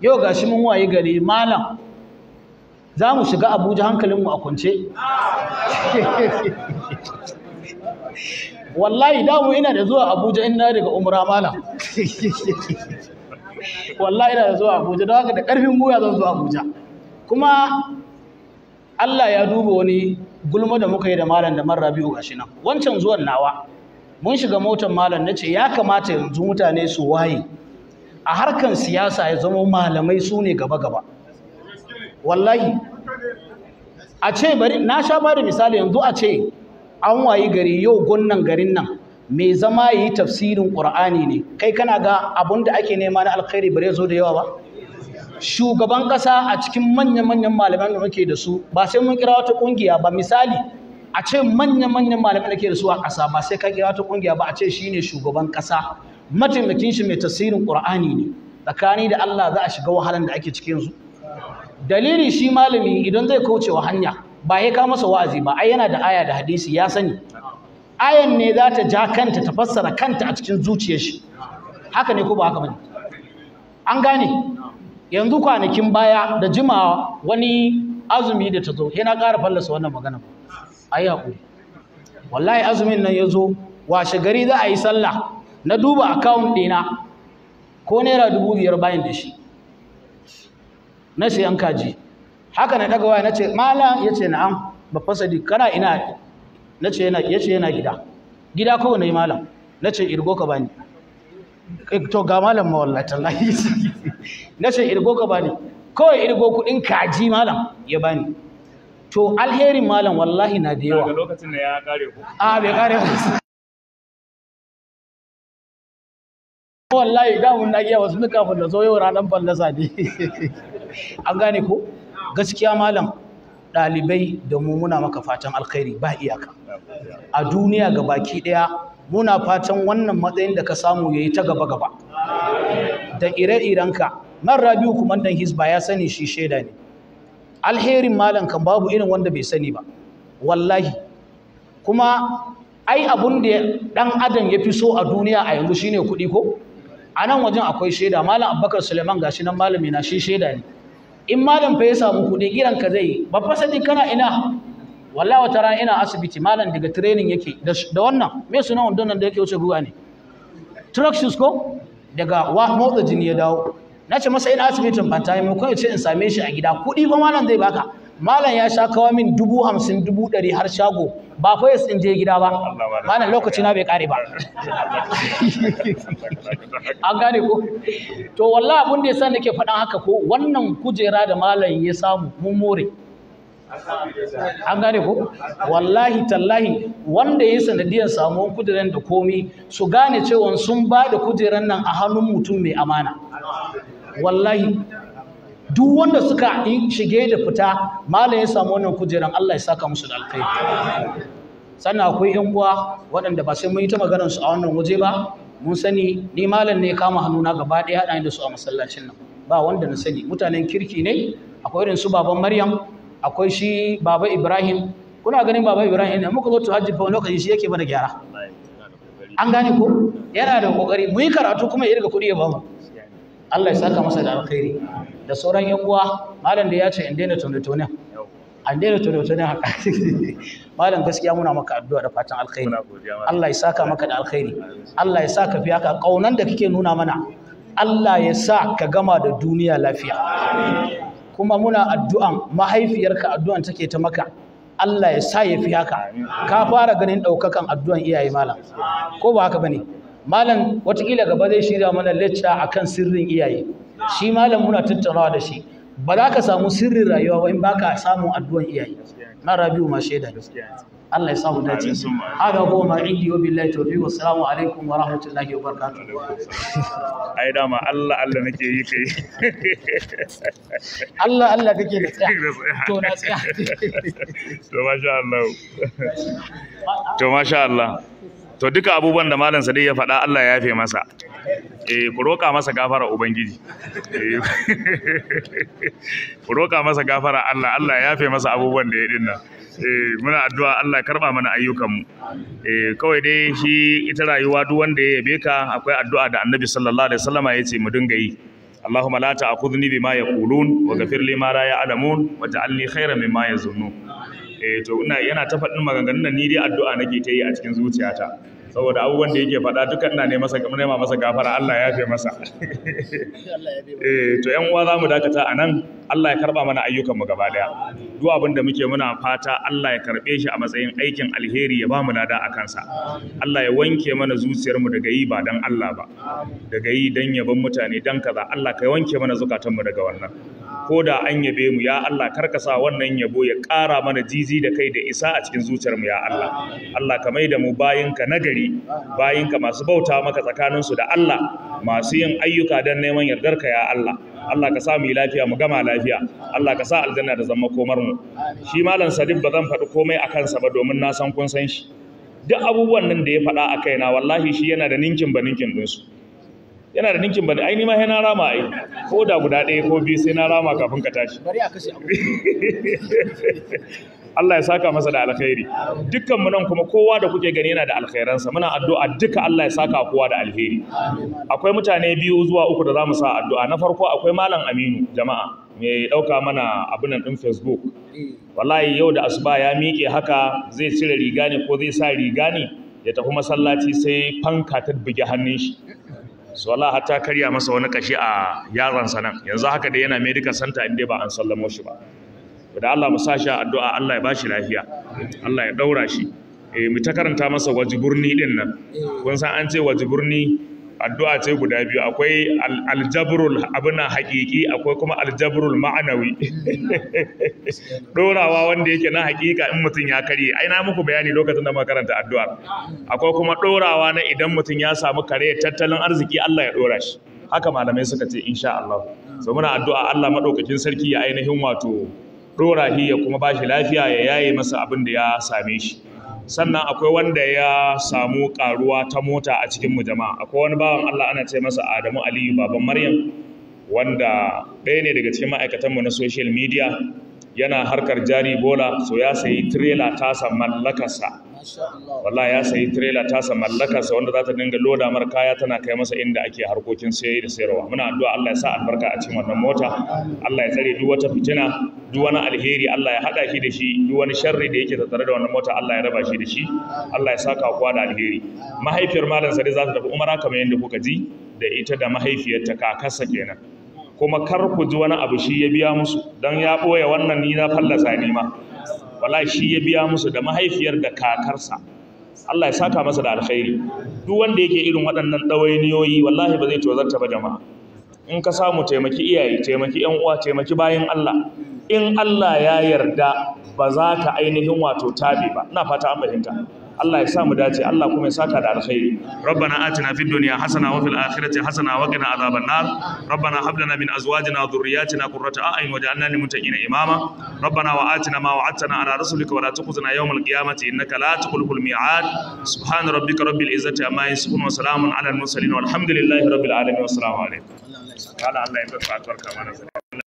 yau gashi mun waye gari malam za mu shiga abuja hankalinmu a kwance wallahi damu ina da zuwa abuja ina daga umra malam wallahi ina da zuwa abuja don haka da karfin goya zan zuwa abuja kuma allah ya duba wani gulma da muka yi da malam da marra biyu gashi nan wancan zuwan nawa mun shiga motar malam na ce ya kamata yanzu mutane su waye a harkan siyasa ya zama malamai su ne gaba-gaba wallahi a ce bari na sha bari misali yanzu a ce an wayi gari yau gonnan garin nan mai zama yi tafsirin ƙur'ani ne kai kana ga abun da ake nema na alkhairi bare zo da yawa ba shugaban ƙasa a cikin manya-manyan malaman da muke da su ba sai mun kira wata ƙungiya ba misali a ce manya-manyan malaman da ke da su a ƙasa ba sai ka kira wata ƙungiya ba a ce shine shugaban ƙasa mataimakin shi mai tafsirin ƙur'ani ne tsakani da Allah za a shiga wahalan da ake cikin su dalili shi malami idan zai wa hanya ba ya kama masa wa'azi ba ai yana da aya da hadisi ya sani ayan ne za ta ja kanta ta fassara kanta a cikin zuciyar shi haka ne ko ba haka bane an gane yanzu kwanakin baya da jimawa wani azumi da ta zo sai na ƙara fallasa wannan magana ayi hakuri wallahi azumin nan ya zo washe gari za a yi sallah na duba account ɗina ko naira dubu biyar bayan da shi na siyan kaji haka na daga waya na ce malam ya ce na'am babban sadi kana ina na ce yana ya ce yana gida gida ko na yi malam na ce irgo ka bani eh, to ga malam ma wallahi tallahi na ce irgo ka bani kawai irgo kudin kaji malam ya bani to alherin malam wallahi na da yawa lokacin da ya kare ku a bai kare ku wallahi damun na giya wasu duka fallasa yau ranar fallasa ne an gane ko gaskiya malam ɗalibai da mu muna maka fatan alkhairi ba iyaka a duniya ga baki ɗaya muna fatan wannan matsayin da ka samu ya yi ta gaba gaba da ire-irenka nan rabiu kuma dan hisba ya sani shi shaida ne alherin malam kan babu irin wanda bai sani ba wallahi kuma ai abun da dan adam ya fi so a duniya a yanzu shine kuɗi ko a nan wajen akwai shaida malam abubakar suleiman gashi nan malami na shi shaida ne in malam fa ya samu kuɗi giran ka zai ba fa sani kana ina wallahi wata rana ina asibiti malam daga training yake da wannan me suna wannan nan da yake wuce ruwa ne truck ko daga wa motsa jini ya dawo na ce masa ina asibitin ba tayi maimakon ya ce in same shi a gida kuɗi ba malam zai baka malam ya sha kawo min dubu hamsin dubu ɗari har shago ba fa ya je gida ba malam lokaci na bai kare ba an gane ko to wallahi abin da yasa nake faɗan haka ko wannan kujera da malam ya samu mun more an gane ko wallahi tallahi wanda ya sanadiyar samuwan kujeran da komi su gane cewa sun ba da kujeran nan a hannun mutum mai amana wallahi duk wanda suka shige da fita malam ya samu wannan kujeran Allah ya saka musu da alkhairi sannan akwai yan uwa waɗanda ba sai mun yi ta maganar su a wannan waje ba mun sani ni malam ne kama hannuna gaba ɗaya haɗa da su a masallacin nan ba wanda na sani mutanen kirki ne akwai irin su baban maryam akwai shi baba ibrahim kuna ganin baba ibrahim ne muka zo to hajji fa lokaci shi yake bada gyara an gane ko yana da kokari mu yi karatu kuma ya riga kuɗi ya mu Allah ya saka masa da alkhairi da sauran yan uwa malam da ya ce in daina tunan an daina tuntutunan haka malam gaskiya muna maka addu'a da fatan alkhairi Allah ya saka maka da alkhairi Allah ya saka fi haka kaunan da kake nuna mana Allah ya sa ka gama da duniya lafiya kuma muna addu'an mahaifiyarka addu'an take ta maka Allah ya sa ya fi haka ka fara ganin ɗaukakan addu'an iyaye malam ko ba haka ba ne. malam watakila gaba zai shirya mana lecture akan sirrin iyaye shi malam muna tattaunawa da shi ba za ka samu sirrin rayuwa ba in ba ka samun addu'an iyaye na rabiu ma sheda Allah ya samu dace haka ko ma indi wa billahi tawfiq wa assalamu alaikum wa rahmatullahi wa barakatuh ai dama Allah Allah nake yi kai Allah Allah kake da tsaya to na tsaya to masha Allah to masha Allah to duka abubuwan da malam Sadiq ya faɗa Allah ya yafe masa E, ku roƙa masa gafara ubangiji eh, ku roƙa masa gafara Allah Allah ya yafe masa abubuwan da ya dinna e eh, muna addu'a Allah ya karba mana ayyukan mu e kawai dai shi ita rayuwa duk wanda ya yabe ka akwai addu'a da Annabi sallallahu alaihi wasallama yace mu dinga yi اللهم لا تأخذني بما يقولون وغفر لي ما لا يعلمون وجعلني خيرا مما يظنون eh to ina yana ta faɗin maganganun nan ni dai addu'a nake ta yi a cikin zuciyata saboda abubuwan da yake faɗa duka ina ne masa kamar nema masa gafara Allah ya fi masa eh to yan uwa zamu dakata a nan Allah ya karba mana ayyukan mu gaba daya duk abin da muke muna fata Allah ya karbe shi a matsayin aikin alheri ya bamu lada a kansa Allah ya wanke mana zuciyar mu daga yi ba dan Allah ba daga yi dan yabon mutane dan kaza Allah ka wanke mana zukatan mu daga wannan ko da an yabe mu ya Allah kar ka sa wannan yabo ya ƙara mana jiji da kai da isa a cikin zuciyar mu ya Allah Allah ka mai da mu bayinka nagari bayinka masu bauta maka tsakanin su da Allah masu yin ayyuka don neman yardarka ya Allah Allah ka sa mu lafiya mu gama lafiya Allah ka sa aljanna da zama komar mu shi malam Sadiq ba zan faɗi komai a kansa ba domin na san kun san shi duk abubuwan nan da ya faɗa a kaina wallahi shi yana da ninkin ba ninkin ɗinsu yana da ninkin bane, ai ma na rama ai ko da guda ɗaya ko biyu sai na rama kafin ka tashi bari a kashe Allah ya saka masa da alkhairi dukkan mu nan kuma kowa da kuke gani yana da sa muna addu'a duka Allah ya saka kowa da alheri akwai mutane biyu zuwa uku da zamu sa addu'a na farko akwai malam Aminu jama'a me dauka mana abin nan din Facebook wallahi yau da asuba ya miƙe haka zai cire riga ne ko zai sa riga ne ya tafi masallaci sai fanka ta bugi hannun shi so Allah ta karya masa wani kashi a yaron sa nan yanzu haka dai yana medical center inda ba an sallamo shi ba da Allah mu sashi addu'a Allah ya bashi lafiya Allah ya daura shi eh mu ta karanta masa wajiburni din nan kun san an ce wajiburni addu'a ce guda biyu akwai aljabrul abuna haƙiƙi akwai kuma aljabrul ma'anawi dorawa wanda yake na haƙiƙa in mutum ya karye ai na muku bayani lokacin da muka karanta addu'ar akwai kuma ɗorawa na idan mutum ya samu kare tattalin arziki Allah ya dora shi haka malamai suka ce insha Allah so muna addu'a Allah madaukakin sarki ya ainihin wato dora ya kuma bashi lafiya ya yaye masa abin da ya same shi sannan akwai wanda ya samu karuwa ta mota a cikin mu jama'a akwai wani bawan Allah ana ce masa Adamu Aliyu baban Maryam wanda ɗaya ne daga cikin ma'aikatan mu na social media yana harkar jari bola so ya sayi trailer tasa mallakarsa wallahi ya sayi trailer tasa mallakarsa wanda za ta dinga loda mar kaya tana kai masa inda ake harkokin sayi da sayarwa muna addu'a Allah ya sa albarka a cikin wannan mota Allah ya tsare duk wata fitina duk wani alheri Allah ya hada shi da shi duk wani sharri da yake tattare da wannan mota Allah ya raba shi da shi Allah ya saka kuwa da alheri mahaifiyar malam sare za ta tafi umara kamar yadda kuka ji da ita da mahaifiyarta kakarsa kenan kuma kar ku ji wani abu shi ya biya musu don ya ɓoye wannan ni na fallasa ni ma wala shi ya biya musu da mahaifiyar da kakarsa Allah ya saka masa da alkhairi duk wanda yake irin waɗannan ɗawainiyoyi wallahi ba zai tozarta ba jama'a in ka samu taimaki iyaye taimaki yan uwa taimaki bayan Allah in Allah ya yarda ba za ka ainihin wato tabe ba ina fata an fahimta Allah ya sa mu dace Allah kuma ya saka da alkhairi rabbana atina fid dunya hasana wa fil akhirati hasana wa qina adhaban nar rabbana hab lana min azwajina wa dhurriyyatina qurrata a'yun waj'alna lil muttaqina imama rabbana wa atina ma wa'adtana ala rasulika wa la tukhzina yawm al qiyamati innaka la tukhlifu al mi'ad subhana rabbika rabbil izzati amma yasifun wa salamun ala al mursalin walhamdulillahi rabbil alamin wa assalamu alaikum Allah ya barka mana